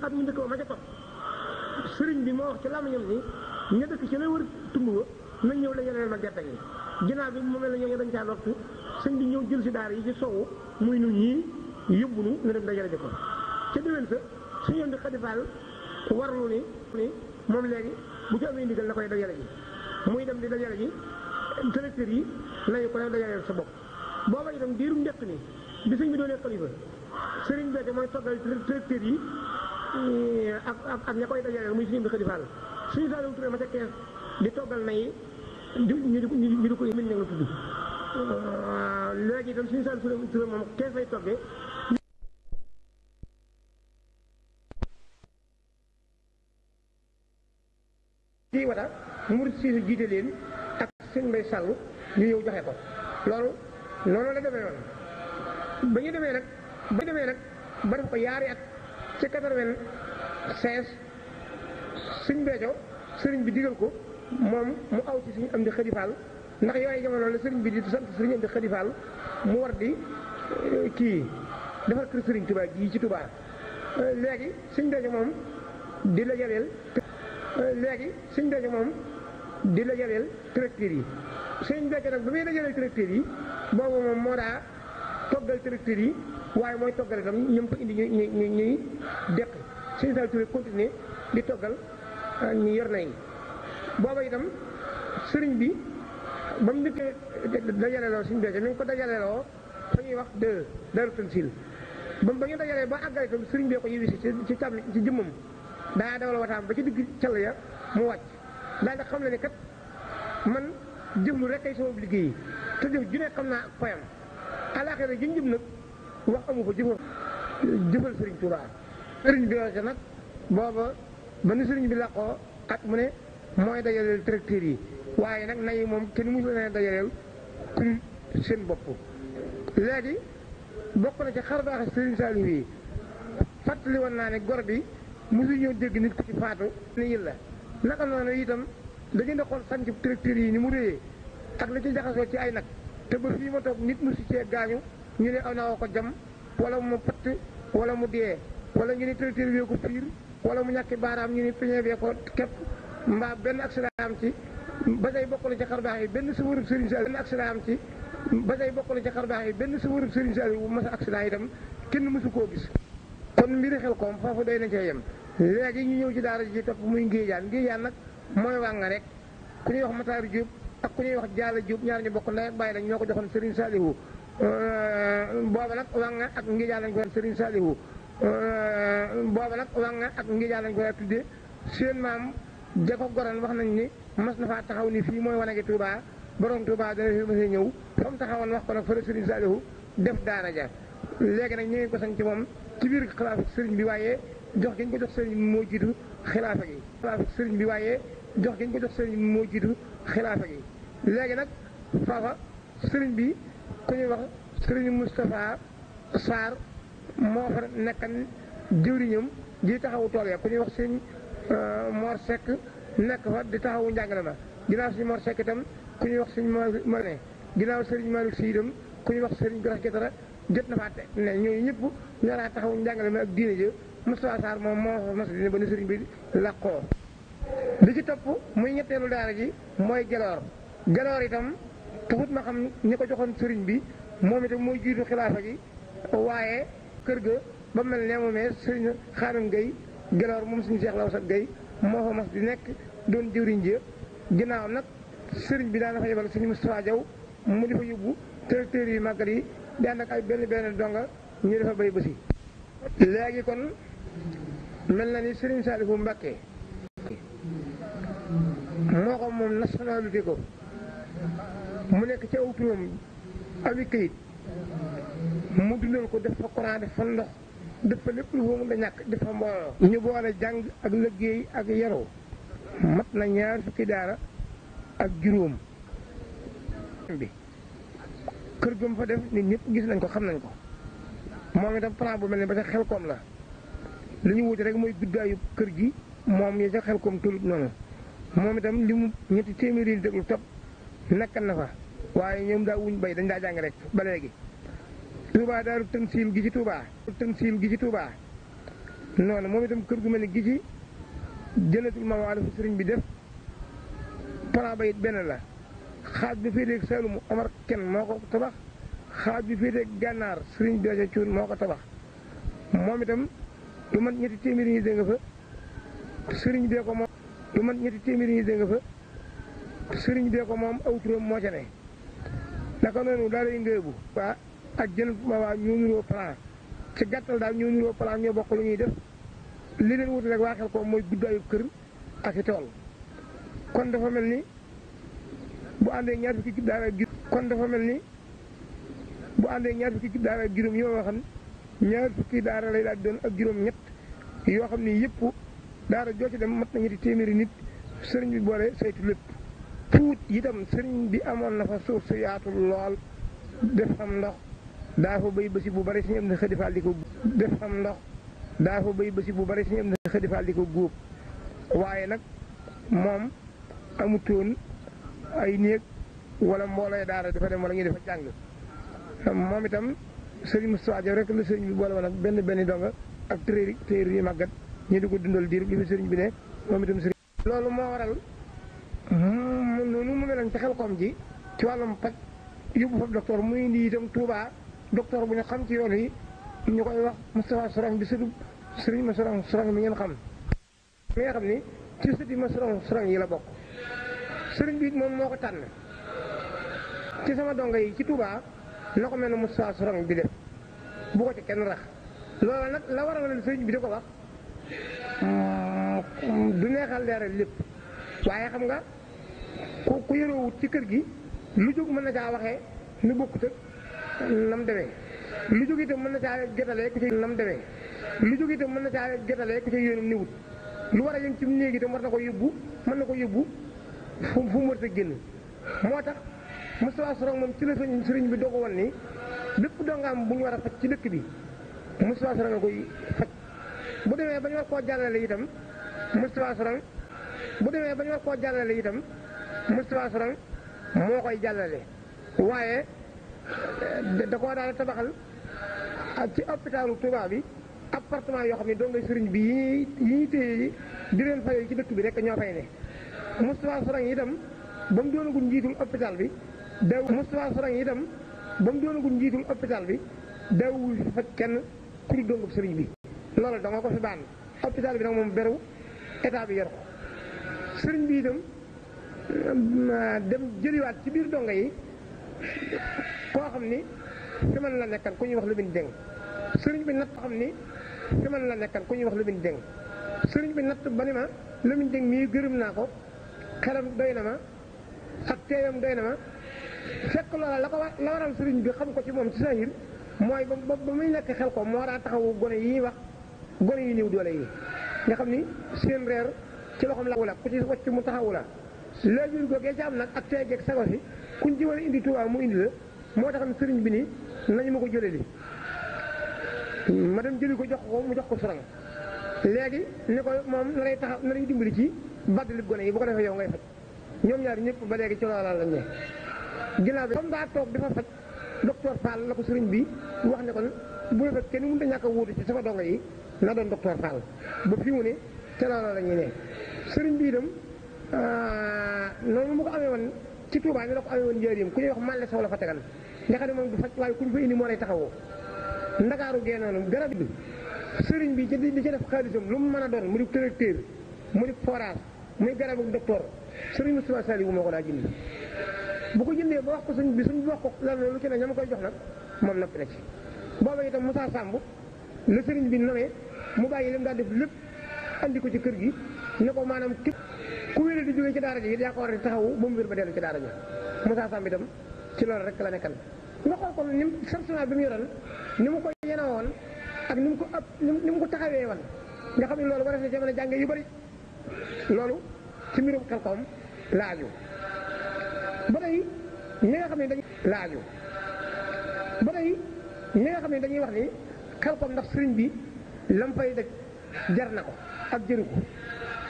at mu njëkk ba ma ca topp sëriñ bi moo wax ci làmmiñam ni ña dëkk ci la wër tumb nañ ñëw la yeneen ma gerte gi ginnaaw bi mu mel ne ñoo dañ caa noppi sëñ bi ñëw jël si daara yi ci sowu muy nu ñii yóbbu nu ñu dem dajale ji ko ca déwén sa su ñoon di xadifaal warlu ni ni moom léegi bu ci amee ndigal na koy dajale ji muy dem di dajale ji tracteurs yi nañu ko ne dajaleel sa bopp booba itam diirum njëkk ni bi sëñ bi doonee xalifa sëriñ Béthio mooy toggal tracteurs yi eh, ak ak ak ña koy dajaleel muy sëñ bi xalifaal suñu saalum turé ma ca kees di toggal na di ñu di ko ñu di ko mën nañu ko tudd euh, léegi itam suñu saal Touré moom kees lay toggee. di wata Mouride Cissé jiite leen ak seen mbay sàll ñu ñëw joxe ko loolu noonu la demee noonu ba ñu demee nag ba ñu demee nag ba def ko yaari at ci quatre-vingt-seize suñ beejo sëriñ bi digal ko. moom mu aw ci suñu am di xërifaal ndax yooyu jamono la sëriñ bi di sant suñu am di xërifaal mu war di eh, kii defar kër sëriñ Touba gii ci Touba eh, léegi suñ dojo moom di la jaleel eh, léegi suñ dojo moom di la jaleel tracteurs yi suñ dojo nag bu muy la yi boobu moom moo daa toggal tracteurs yi waaye mooy toggal itam ñoom ko indi ñuy ñuy deq suñu daal turé continuer di toggal ñu yor na yi booba itam sëriñ bi ba mu njëkkee dajaleloo suñu béykat ni mu ko dajaleloo fa ñuy wax de daru tansil ba ba ñu dajalee ba àggale itam sëriñ bee ko yëwisi ci ci tam ci jëmmam daa dawal wataam ba ci digg call ya mu wàcc daal di xam ne ne kat man jëf lu rek ay sama liggéey te jëf ju ne xam naa ak jëm nag wax amu fa jëfa jëfal sëriñ Tuubaa sëriñ bi wax nag booba ba nu sëriñ bi làqoo at mu ne mooy dajaleel tracteurs yi waaye nag nay moom kenn mënu leen dajaleel kum seen bopp léegi bokk na ci xar baax Serigne Saliou yi fàttali woon naa ne gor bi mu mosu ñoo dégg nit ku ci faatu ne yil la naka noonu itam da ngeen di xool sànq tracteurs yi ni mu réyee ak la ci jaxasoo ci ay nag te ba fii ma toog nit mu mosu cee gaañu ñu ne aw na ko jam wala mu patt wala mu dee wala ñu ne tracteur bee ko fiir wala mu ñàkki baaraam ñu ne peñe bee ko képp mbaa benn accident am ci ba tey bokkul ci xar baax yi benn sa wërëb Serigne Saliou am ci ba tey bokkul ci xar baax yi benn sa wërëb Serigne Saliou bu mas a accident itam kenn mësu koo gis kon mbiri xel koom foofu doy na cee yem léegi ñu ñëw ci daara ji topp muy ngéejaan ngéejaan nag mooy wànga rek ku ñuy wax Matar Diop ak ku ñuy wax Diallo Diop ñaar ñu bokk ndey ak bàyyi lañ ñoo ko joxoon Serigne Saliou euh, booba nag wànga ak ngéejaan lañ ko Serigne Saliou euh, booba nag wànga ak ngéejaan lañ ko tuddee seen maam dafa goral wax nañ ni mas na faa taxaw ni fii mooy wanagi Touba borom Touba dana fi mos a ñëw fa mu taxawoon wax ko nag fële Serigne Saliou def daara ja léegi nag ñu ko sañ ci moom ci biir xilaafa sëriñ bi waaye jox gi ko jox sëriñ moo jiitu xilaafa gi. xilaafa sëriñ bi waaye jox gi ko jox sëriñ bi moo jiitu xilaafa gi léegi nag faafa sëriñ bi ku ñuy wax sëriñ Moustapha Sarr moo fa nekkan jëwriñam ji taxawu tool ya ku ñuy wax sëriñ. Euh, Mor Seck nekk fa di taxawu njàngale ma ginnaaw suñu Mor Seck itam ku ñuy wax suñu ma ne ginnaaw Serigne Malick si itam ku ñuy wax Serigne Gora Ketara jot na faa ne ñooñu ñëpp ñoo daan taxawu njàngale ma ak diine ji Moustapha Sarr moom moo fa mas dina ba ne Serigne bi làqoo li ci topp muy ñetteelu daara ji mooy geloor geloor itam taxut ma xam ñi ko joxoon Serigne bi moom itam mooy jiitu gi waaye kër ga ba mel ne moomee Serigne Xaadim Gueye gannaaw moom suñu Cheikh Law sa Gueye moo fa mas di nekk doon jëwriñ ji am nag sëriñ bi daan dafa yebal suñu Moustapha Diaw mu di fa yóbbu tracteurs yu màggal yi daan ay benn benn donga ñu dafa bay bési. léegi kon mel na ni sëriñ Saliou Mbacké moo ko moom nationalité ko mu nekk ci aw turam abi kayit mu dundal ko def fa courant def fa ndox def dëpp lépp lu mu da ñàkk di fa mbooloo hmm? ñu boole jàng ak liggéey ak yaru mat na ñaar fukki daara ak juróom bi kër gëm fa def nit ñëpp gis nañ ko xam nañ ko moom itam plan bu mel ne ba ca xel koom la li ñu wuti rek mooy guddaayu kër gi moom ya ca xel koom tulut noonu moom itam li mu ñetti téeméeri déglu topp nekkan na fa waaye ñoom daa wuñ bay dañ daa jàng rek ba léegi Touba Daaru Tansil gi ci Touba. Tansil gi ci Touba noonu moom itam kër gu mel ni gi ci jëlatul ma waalo fu sëriñ bi def plan ba it benn la xaaj bi féeteeg Saalum Omar Kenn moo ko tabax xaaj bi féeteeg gànnaar sëriñ Béthio Thioune moo ko tabax moom itam lu mat ñetti téeméeri nga fa sëriñ bee ko moom lu mat ñetti téeméeri ñi ko moom aw turam moo ca ne naka noonu daal di ngëbu waa ak jën jël waa ñoo niroo plan ci gàttal daal ñoo niroo plan ñoo bokk lu ñuy def li leen wut rek waa xel ko mooy guddaayu kër ak i tool kon dafa mel ni bu àndee ñaar fukki daara kon dafa mel ni bu àndee ñaar fukki ci daara juróom yoo xam ñaar fukki daara ak juróom ñett yoo xam ne yëpp daara joo ci dem mat na ñetti téeméeri nit sëriñ bi boole saytu lépp puut itam sëriñ bi amoon na fa suuf su yaatu lool def am ndox daa fa bay bési bu bari suñu am na xëdifaal di ko def am ndox daa fa bay bési bu bari suñu am na xëdifaal di ko góob waaye nag moom amutoon ay néeg wala mbooloo daara dafa dem wala ñu def jàng moom itam sëriñ Moustapha Diaw rek la sëriñ bi boole woon ak benn benn donga ak téere téere yu màggat ñu di ko dundal diir li fi sëriñ bi ne moom itam sëriñ loolu moo waral noonu mu meloon ci xel koom ji ci wàllum paj yóbbu fa docteur muy docteur bu ñu xam ci yoon yi ñu koy wax Moustapha Sorang di sëtu sëriñ ma Sorang Sorang mi ngeen xam mi xam ni ci sëti ma yi la bokk sëriñ bi moom moo ko tànn ci sama dongo yi ci Touba na ko mel ne Moustapha Sorang di def bu ko ci kenn rax loolu nag la waral leen sëriñ bi di ko wax mm, du neexal leeral lépp waaye xam nga ku ku yorewut ci kër gi lu jóg mën na waxee nu bokkut nam demee lu jóg itam mën na caa getalee ku ci nam demee lu jóg itam mën na caa getalee ku ci yoonum niwut lu war a yëng ci néeg itam war na ko yóbbu mën na ko yóbbu fu mu war génn moo tax Moustapha Sorong moom ci la sëriñ bi doo ko ni lépp dongaam bu ñu war a faj ci dëkk bi Moustapha Sorong koy faj bu demee ba ñu war koo jàllale itam Moustapha Sorong bu demee ba koo jàllale itam Moustapha moo koy jàllale waaye da daal tabaxal ak ah, ci hôpitalu Touba bi appartement yoo xam ne dong sëriñ bi yi ñuy yi ñuy téye di leen fayoo ci dëkk bi rek ñoo fay ne. Moustapha Sorang itam ba mu doonagul njiitul hôpital bi daw Moustapha Sorang itam ba mu doonagul njiitul hôpital bi dawul fa kenn kuru dongub sëriñ bi. loolu da nga ko fi baan hôpital bi nag moom beru état bi yor ko sëriñ bi itam euh, dem jëliwaat ci biir dongo yi. koo xam ni fi man la nekkan ku ñuy wax lu bin jëng sëriñ bi natt koo xam ni fi la nekkan ku ñuy wax lu bin jëng sëriñ bi natt ba ni ma lu bin mii gërëm naa ko xelam doy na ma ak teeyam doy na ma fekk loola la ko la waral sëriñ bi xam ko ci moom ci saa yir mooy ba ba muy nekk xel ko moo daa taxawu gone yi wax gone yu néew doole yi nga xam ni seen reer ci loxoom la wala ku ci wacc mu taxawu la léegi googee ci am nag ak teegeeg sago si kuñ ci war indi Touba mu indi la moo tax sëriñ bi ni nañ ma ko jëlee li ma dem jëli ko jox ko mu jox ko sorang léegi ni ko moom na lay taxaw na lay dimbali ci badd lib gone yi bu ko defee yow ngay faj ñoom ñaar ñëpp ba léegi ci lañ ne ginnaaw bi comme daa toog dafa faj docteur Fall la ko sëriñ bi wax ne kon bu la kenn mu ñàkk a wuute ci sama dongo yi na doon docteur Fall ba fi mu ne ne sëriñ bi itam ah, noonu mu ko amee woon ci Touba ni la ko amee woon njëriñam ku ñuy wax Malle Sow la fa tegal nga xam ne moom du faj waaye ku ñu fa indi moo lay taxawoo ndakaaru geenaanum garab bi sëriñ bi di ci def xaalisam lu mu mën a doon mu di tracteur mu di forage muy garab ak docteur sëriñ Moustapha Saliou ko daa jënd bu ko jëndee ba wax ko sëñ bi sëñ bi wax ko lan lu ci ne ñam koy jox nag moom noppi na ci booba itam Moussa Samb la sëriñ bi nomee mu bàyyi lim daa def lépp andi ko ci kër gi ne ko maanam képp ku wér di jógee ci daara ji yi yaa ko war a taxawu ba mu wér ba dellu ci daara ji Moussa Samb itam ci loolu rek la nekkan nga xool ko ni bi mu yoroon ni mu ko yenoo woon ak ni mu ko ëpp ni ko taxawee woon nga xam ne loolu war na ci mën a jànge yu bëri loolu ci mbirum xelkoom laaju ba tey ñi xam ne dañuy laaju ba ñi nga xam ne dañuy wax ni xelkoom ndax sëriñ bi lam fay dëkk jar na ko ak jëru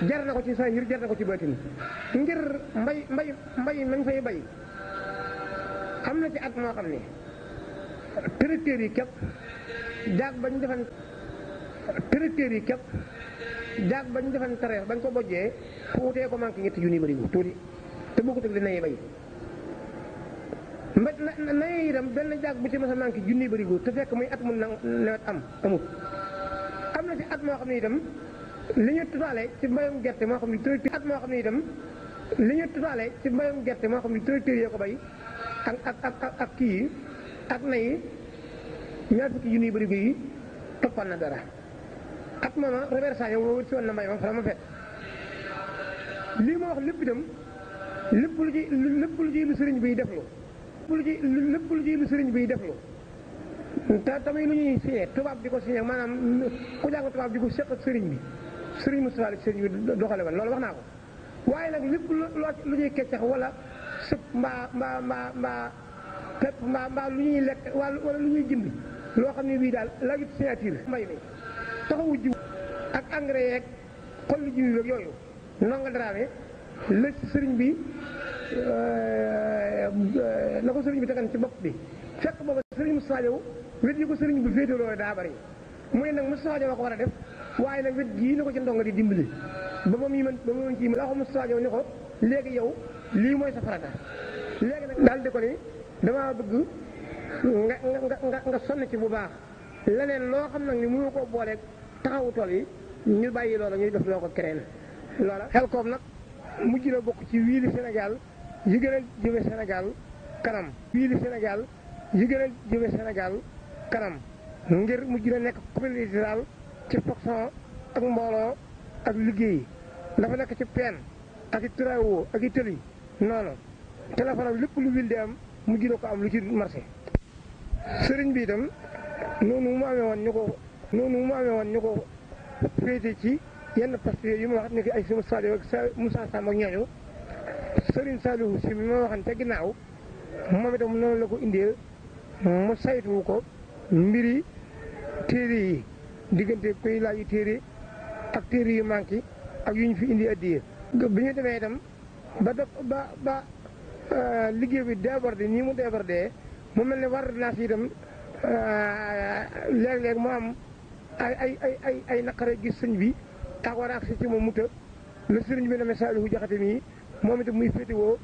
jar na ko ci saahir jar na ko ci baatin ngir mbay mbay mbay nañ fay bay am na ci at moo xam ne tracteurs yi képp jaag bañ defan tracteurs yi képp jaag bañ defan tareex bañ ko bojjee fuutee ko manqué ñetti junni bëriwu tuuti te ko ak li nay bay mba naye itam benn jaag bu ci masa manqué junni bëriwu te fekk muy at mun na nawet am amut am na ci at moo xam ne itam li ñu tusaale ci mbayum gerte moo xam ne tracteur at moo xam ne itam li ñu tusaale ci mbayum gerte moo xam ne tracteur yoo ko bay ak ak ak kii yi ak na yi ñaar fukki junniy bërigo yi toppal na dara at mooma reversage moo wut si woon na mbay ma fa ma fet lii ma wax lépp itam lépp lu ci lépp lu ci sëriñ bi deflu lépp lu ci lu ci lu sëriñ biy deflu te tamit lu ñuy signé tubaab di ko signé maanaam ku jàng tubaab di ko seq sëriñ bi sëriñ Moustapha la sëriñ bi doxale woon loolu wax naa ko waaye nag lépp lu ñuy keccax wala sëb mbaa mbaa mbaa mbaa pepp mbaa lu ñuy lekk wala lu ñuy gind loo xam ne bii daal lajut signature mbay mi taxawu jiw ak engrais yeeg xolli jiw yeeg daraame la sëriñ bi na euh, ko sëriñ bi tegan ci bopp bi fekk booba sëriñ Moustapha Diaw wét ko sëriñ bi féete loolu daa bari mu ne nag Moustapha ko war a def waaye nag wet gii la ko ci ndongo di dimbali ba moom yi man ba moom ci laa ko Moustapha Diaw ni ko léegi yow lii mooy sa léegi nag daal di ko ni damaa bëgg nga nga nga sonn ci bu baax leneen loo xam nag ni mënu ko booleeg taxawu tool yi ñu bàyyi loola ñuy def loo ko keneen loola xel koom nag mujj na bokk ci wiili Sénégal yi gën a Sénégal kanam wiili Sénégal yi gën a jëme Sénégal kanam ngir mujj na nekk communauté rurale ci façon ak mbooloo ak liggéey dafa nekk ci peen ak i travaux ak i noonu téléphone am lépp lu wil di am mu jiro ko am lu ci marché sëriñ bi itam noonu mu amee woon ñu ko noonu mu amee woon ñu ko féete ci yenn pasteur yi ma wax ni ki ay si Moussa Diop ak sa Moussa Sam ak ñooñu sëriñ Saliou si mi ma waxan ca ginnaaw moom itam noonu la ko indee mu saytu ko mbiri téere yi diggante kuy laaju téere ak téere yu manqué ak yu ñu fi indi addiyee bi ñu demee itam ba def ba ba euh, liggéey bi débordé nii mu débordé mu mel ne war naa yi itam euh, léeg-léeg mu am ay ay ay ay ay naqare gis sëñ bi ak war a agsi ci moom mu të le sëriñ bi namee Saliou Jaxate mii moom itam muy féetewoo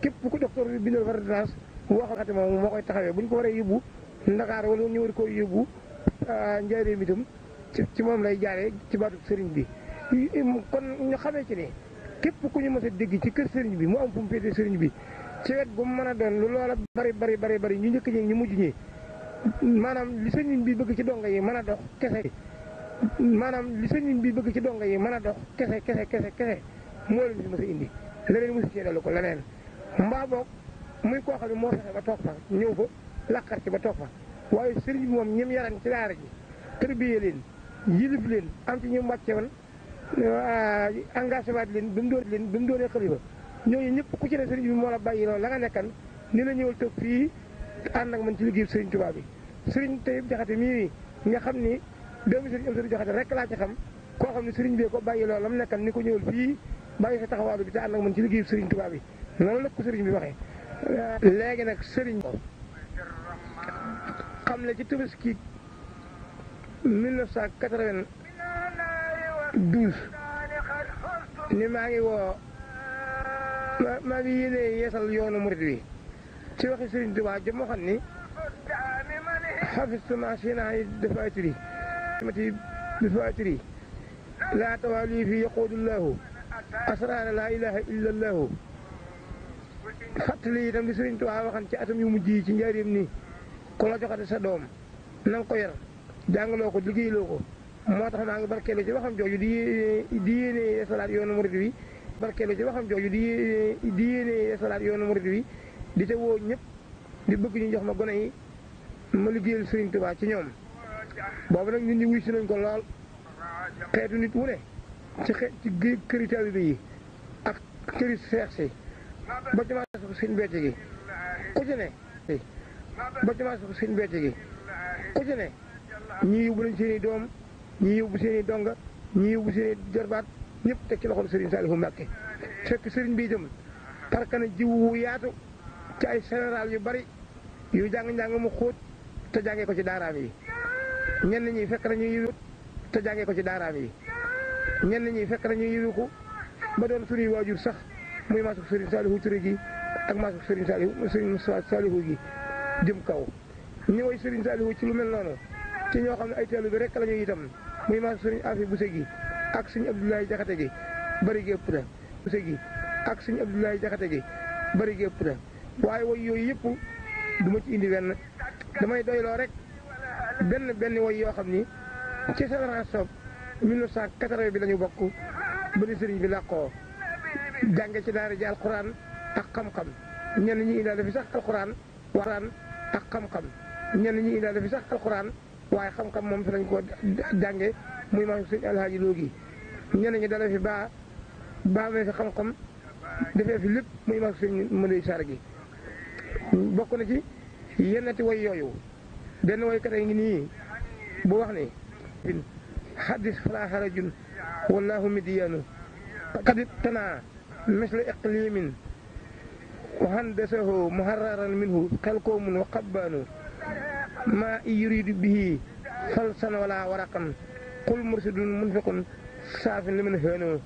képp ku docteur bi bindal ordonnance wax xate moom moo koy taxawee bu ñu ko waree yóbbu Ndakaar wala ñu war koo yóbbu euh, njaareem tam ci moom lay jaaree ci baatu sëriñ bi kon ñu xamee ci ne képp ku ñu mës dégg ci kër sëriñ bi mu am fu mu féete sëriñ bi ci wet gu mu mën a doon lu loola bari bari bari bari ñu njëkk ñeeg ñu mujj ñi maanaam li sëriñ bi bëgg ci donga yi mën a dox kese maanaam li sëriñ bi bëgg ci donga yi mën a dox kese kese kese kese moo leen si mës a indi leneen mosu cee dellu ko leneen mbaa boog muy koo xam ne moo fexe ba toog fa ñëw fa làqar ci ba toog fa waaye sëriñ bi moom ñim yaran ci daara ji tërbiyee leen yilif leen am ci ñu wàcce woon engagement leen bi leen bi mu doonee xalifa ñooñu ñëpp ku ci ne sëriñ bi moo la bàyyi loolu la nga nekkan ni la ñëwal toog fii ànd ak man ci liggéey sëriñ Tuubaa bi sëriñ Tayib Jaxate mii nga xam ni doomi sëriñ am sëriñ Jaxate rek laa ci xam koo xam ne sëriñ bee ko bàyyi loolu lam nekkan ni ko ñëwal fii bàyyi sa taxawaalu bi te ànd ak man ci liggéey sëriñ Tuubaa bi loolu la ko sëriñ bi waxee léegi nag sëriñ xam ne ci Tabaski 1992 ni maa ngi woo maa maa ngi yéene yeesal yoonu murit wi ci waxi Sëriñ Tuubaa jëm moo xam ni xafistuma si naa yi dafa atiri laa tawali fi yaquudullahu asraara laa ilaha illa allahu fàttali itam li Sëriñ Tuubaa waxan ci atam yu mujj yi ci njaarim ni ku la joxate sa doom na jàngaloo ko liggéeyloo ko moo tax maa ngi barkeelu ci waxam jooju di di yéene esalaat yoonu murid wi barkeelu ci waxam jooju di di yéene esalaat yoonu murid wi di ca woo ñëpp di bëgg ñu jox ma gone yi ma liggéeyal Serigne Touba ci ñoom boobu nag ñun ñu wuy si nañ ko lool xeetu nit wu ne ci xe ci këri taalibe yi ak këri seex si ba ci maasu seen becc gi ku ci ne ba ci maasu seen becc gi ku ci ne ñii yóbbu nañ seen doom ñii yóbbu seen i donga ñii yóbbu seen i jarbaat ñëpp teg ci loxol Serigne Saliou Mbacké fekk Serigne bi jëm parka na jiw wu yaatu ci ay général yu bari yu jàng-njàng mu xóot te jàngee ko ci daaraam yi ñenn ñi fekk nañu yiwu ko ci daaraam yi ñenn ñi fekk nañu yiwu ko ba doon suñuy waajur sax muy maasuk Serigne Saliou Touré gi ak maasuk Serigne Saliou Serigne Saliou gi jëm kaw ñëwoy Serigne Saliou ci lu mel noonu ci ñoo xam ne ay teelu bi rek la ñuy itam muy maas suñu afi bu segi ak suñu abdoulaye jaxate gi bari gépp na bu segi ak suñu abdoulaye jaxate gi bari gépp na waaye way yooyu yëpp duma ci indi benn damay doyloo rek benn benn way yoo xam ni ci génération 1980 bi lañu bokk ba ni sëriñ bi làqoo jànge ci daara ji alquran ak xam-xam ñen ñi indaale fi sax alquran waxtaan ak xam-xam ñen ñi indaale fi sax alquran waaye xam-xam moom fi lañ ko dànge muy maa suñ alhaaji loogi ñene ñi dala fi baa baa mee fi xam-xam defee fi lépp muy maa suñ mënay saar gi bokk na ci yennati way yooyu way ngi bu wax fala wallahu midiyanu qad tana iqlimin wa handasahu muharraran minhu kalkomun wa qabbanu maa yuridu bihi xalsan wala waraqan qul mursidun munfiqun saafi li mun xëenoo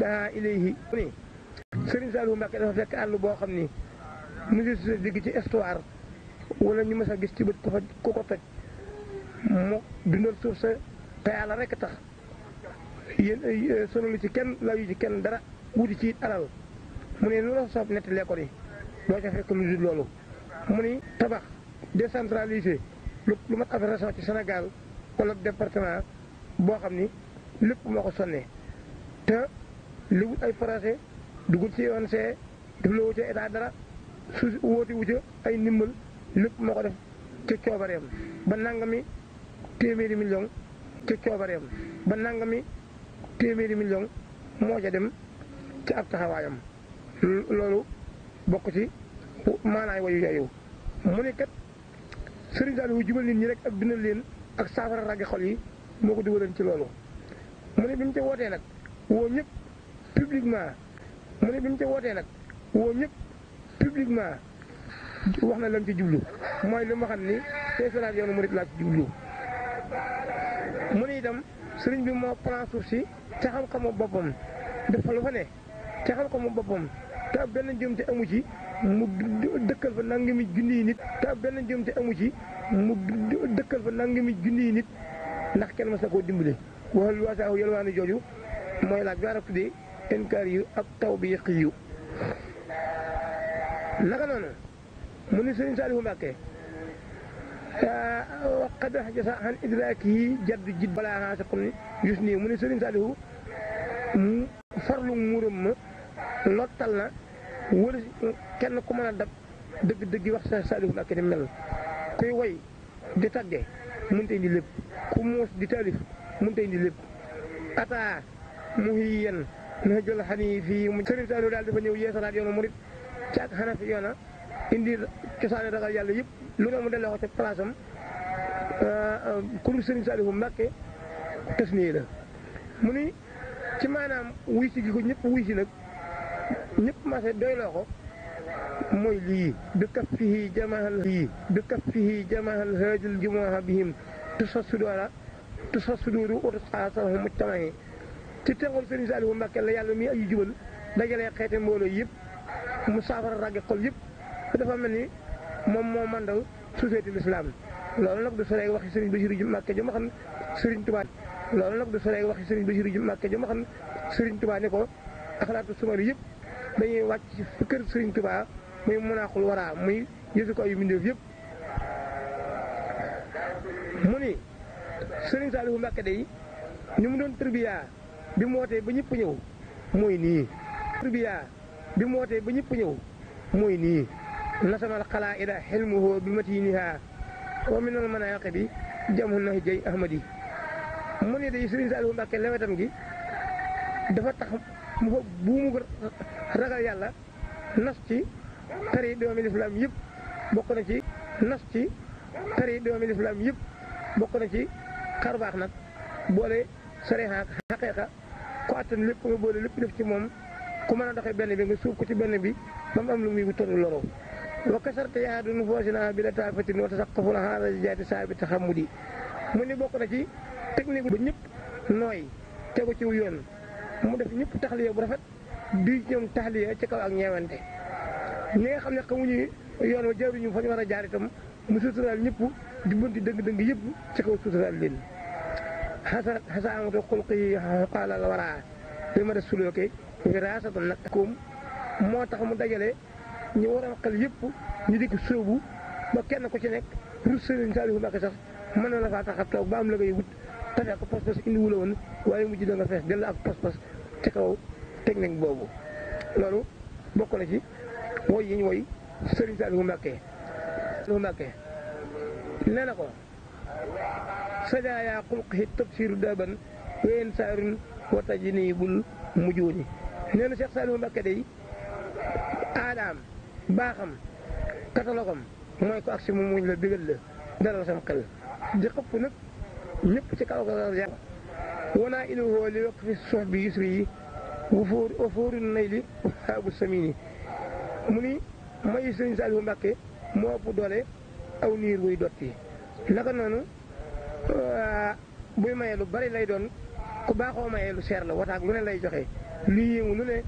daa ilayhi ni sëriñ Saliou Mbacke dafa fekk àll boo xam ni musi sa dégg ci histoire wala ñu mës a gis ci bët ku ko toj mu dundal suuf sa yàlla rekk tax yéen euh, kenn layu ci kenn dara wuti ci it mu ne lu la soob yi doo ca fekk lu loolu mu ni tabax décentralisé lu lu mat fédération ci Sénégal wala département boo xam ni lépp ma ko sonnee te li ay français dugul ci ONC def la wut ca état dara su wóoti wu ay ndimbal lépp ma ko def ca coobareem ba nangami téeméeri million ca coobareem ba nangami téeméeri million moo ca dem ca ab taxawaayam loolu bokk ci maanaay wayu yooyu mu ne kat Serigne Saliou jubal nit ñi rek ak bindal leen ak saafara raggi xol yi moo ko dugaloon ci loolu. mu ne bi mu ca wootee nag woo ñëpp publiquement ne bi mu ca nag woo ñëpp wax na lam ci jublu mooy li ma xam ni CEPRAD yoonu murit laa jublu. mu ne itam sëriñ bi moo plan suuf si te xam-xamu boppam def fa lu fa ne te xam-xamu boppam te benn jëm te amu ci. mu dëkkal fa nangami junniy nit te benn jëm te amu ci mu dëkkal fa nangami junniy nit ndax kenn mës na koo dimbale waxal waasaahu yalwaani jooju mooy laaj bi arab tuddee inkaar yu ak taw bi yëq yu naka noonu mu ni sëriñ Saalihu Saalihu farlu muuram ma lottal na wër kenn ku mën a dab dëgg-dëgg wax sa saalihul ak ni mel kuy woy di tagge mënut a indi lépp ku muus di taalif mënut a indi lépp ataa muhiyan na jël xanii fii mu sëriñ Saliou daal dafa ñëw yeesalaat yoonu murit ci ak xanafi yoona indi cosaane ragal yàlla yëpp lu ne mu delloo ko ca place am euh, kuru sëriñ Saliou Mbàkke tës nii la mu ni ci maanaam wuy si gi ko ñëpp wuy si nag ñëpp marché doyloo ko mooy lii bi kaffihi jamaal lii bi kaffihi jamaal haajil jumuha bihim tusassudora tusassuduru ursaasahum mujtamayi ci teewul Serigne Saliou Mbacke la yàlla mi ayu jubal dajalee xeete mbooloo yëpp mu saafara ragge xol yëpp te dafa mel ni moom moo mandal société l'islam loolu nag du soree waxi Serigne Bassirou Mbacke ju ma xam Serigne Touba loolu nag du soree waxi Serigne Bassirou Mbacke ju ma xam ne ko axlaatu sumari yëpp dañuy wàcc ci kër Sëriñ Tuubaa muy munaaxul waraa muy yësu ko ay mbindéef yëpp mu ni Sëriñ Saalihu Mbàkke day ni mu doon tërbiyaa bi mu wootee ba ñëpp ñëw mooy nii tërbiyaa bi mu wootee ba ñëpp ñëw mooy nii nasamal xalaa'ida xilmuhu bi matiniha wa minal bi jamu na jëy ahmadi mu ni day Sëriñ Saalihu Mbàkke lewetam gi dafa tax bu mu ragal yàlla nas ci tari doomi lislaam yëpp bokk na ci nas ci tari doomi lislaam yëpp bokk na ci xarbaax nag boole sariha xaqeeqa ku attan lépp nga boole lépp def ci moom ku mën a doxee benn bi nga ci benn bi ba mu am lu muy bu tollu loroo wa kasarte yaadun foosina bi la taafatin wa tasaqafuna haala jaati saabi taxamudi mu ni bokk na ci technique bu ñëpp nooy tegu ci yoon mu def ñepp taxliya bu rafet di ñom taxliya ci kaw ak ñewante ñi nga xamne xamu ñu yoon wa jaaruñu fa ñu war a jaar itam mu sutural ñepp di bunti deug deug yëpp ci kaw sutural leen حسن حسن خلقه قال الورع بما ngi rasatu nakum mo tax mu dajale ñi wara xal yépp ñu dik soobu ba kenn ko ci nek ru serigne salihu mbacke sax man la fa taxat tok ba am la ngay wut tane ko pass pass indi wulawon waye mu ji fess del ak pass pass ci kaw technique boobu loolu bokk na ci woy yi ñu woy Sëriñ Saaliu Mbàkke Saaliu Mbàkke nee na ko sajaayaa xulqi tafsiru daban ween saarun wa tajnibul mujuni nee na Cheikh Saaliu Mbàkke day aadaam baaxam katalogam mooy ko ak si mu muñ la bégal la dalal sam xel di xëpp nag ñëpp ci kaw ga walaa iluhoo li waqfi suuf bi yusri yi wafóor wafóoru nayli xaabu samini mu ni mayu sëriñ Saalihu Mbàkke moo ëpp doole aw niir wuy dotti naka noonu buy maye lu bari lay doon ku baaxoo mayee lu seer la wataak lu ne lay joxe lu yéemu lu ne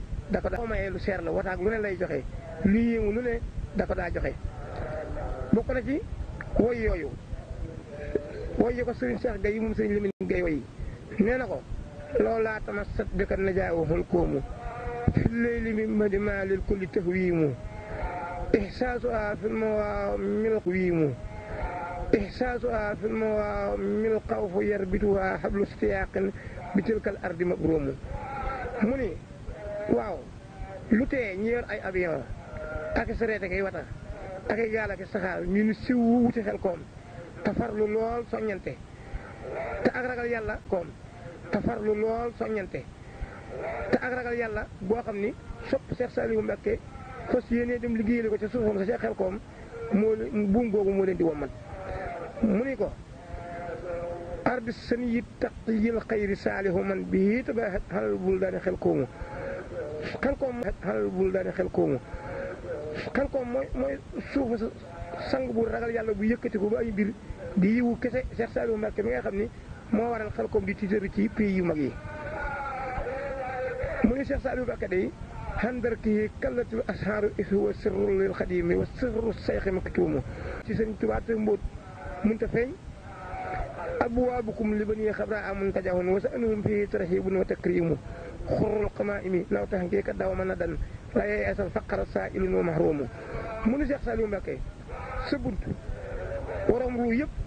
lu seer la wataak lu ne lay joxe lu yéemu lu ne da daa joxe bokk na ci woy yooyu woy yi ko sëriñ Cheikh Gaye yi moom sëriñ Lamine Gaye woy nee na ko set laa tamassat bika najaawu xul koomu fi leyli mi madi maa lil kulli tëx wiimu ixsaasuha fi lmawaa milq wiimu ixsaasuha fi lmawaa mil xawfu yarbituha xablu stiyaaqin bi tilkal ardi mabruumu mu ni waaw lu tee ñu yor ay avion ak sareet ak ay wata ak ay gaal ak saxaar ñu ni siw wuti xel koom te farlu lool soññante te ak ragal yàlla koom te farlu lool soññante te ak ragal yàlla boo xam ni sopp Cheikh Saliou Mbacké fas yéenee dem liggéeyale ko ca suufam sa ca xel koom mu ni ko ardi sani yi taqiyil xayri saalihu xel koomu xel xel koomu xel koom mooy mooy suufa sang bu ragal yàlla bu yëkkatiku ba ay mbir di yiwu kese Cheikh Saliou Mbacké mi nga xam ni moo waral Khelcom di tiitaru ci pays yu mag yi mu ne Cheikh Saliou Mbacké day xandarkii kallatul ashaaru ifi wa sirru lil xadimi wa sirru ci sëñ Tuubaa te mbóot munta feeñ abwaabukum li bani xabra amun tajahun wa sa'nuhum fihi tarhibun wa takrimu xurrul qamaa'imi law tahqiqa dawma nadan la yayasal faqara saa'ilun wa mahrumu mu ne Cheikh Saliou Mbacké sa bunt waroom ruu yëpp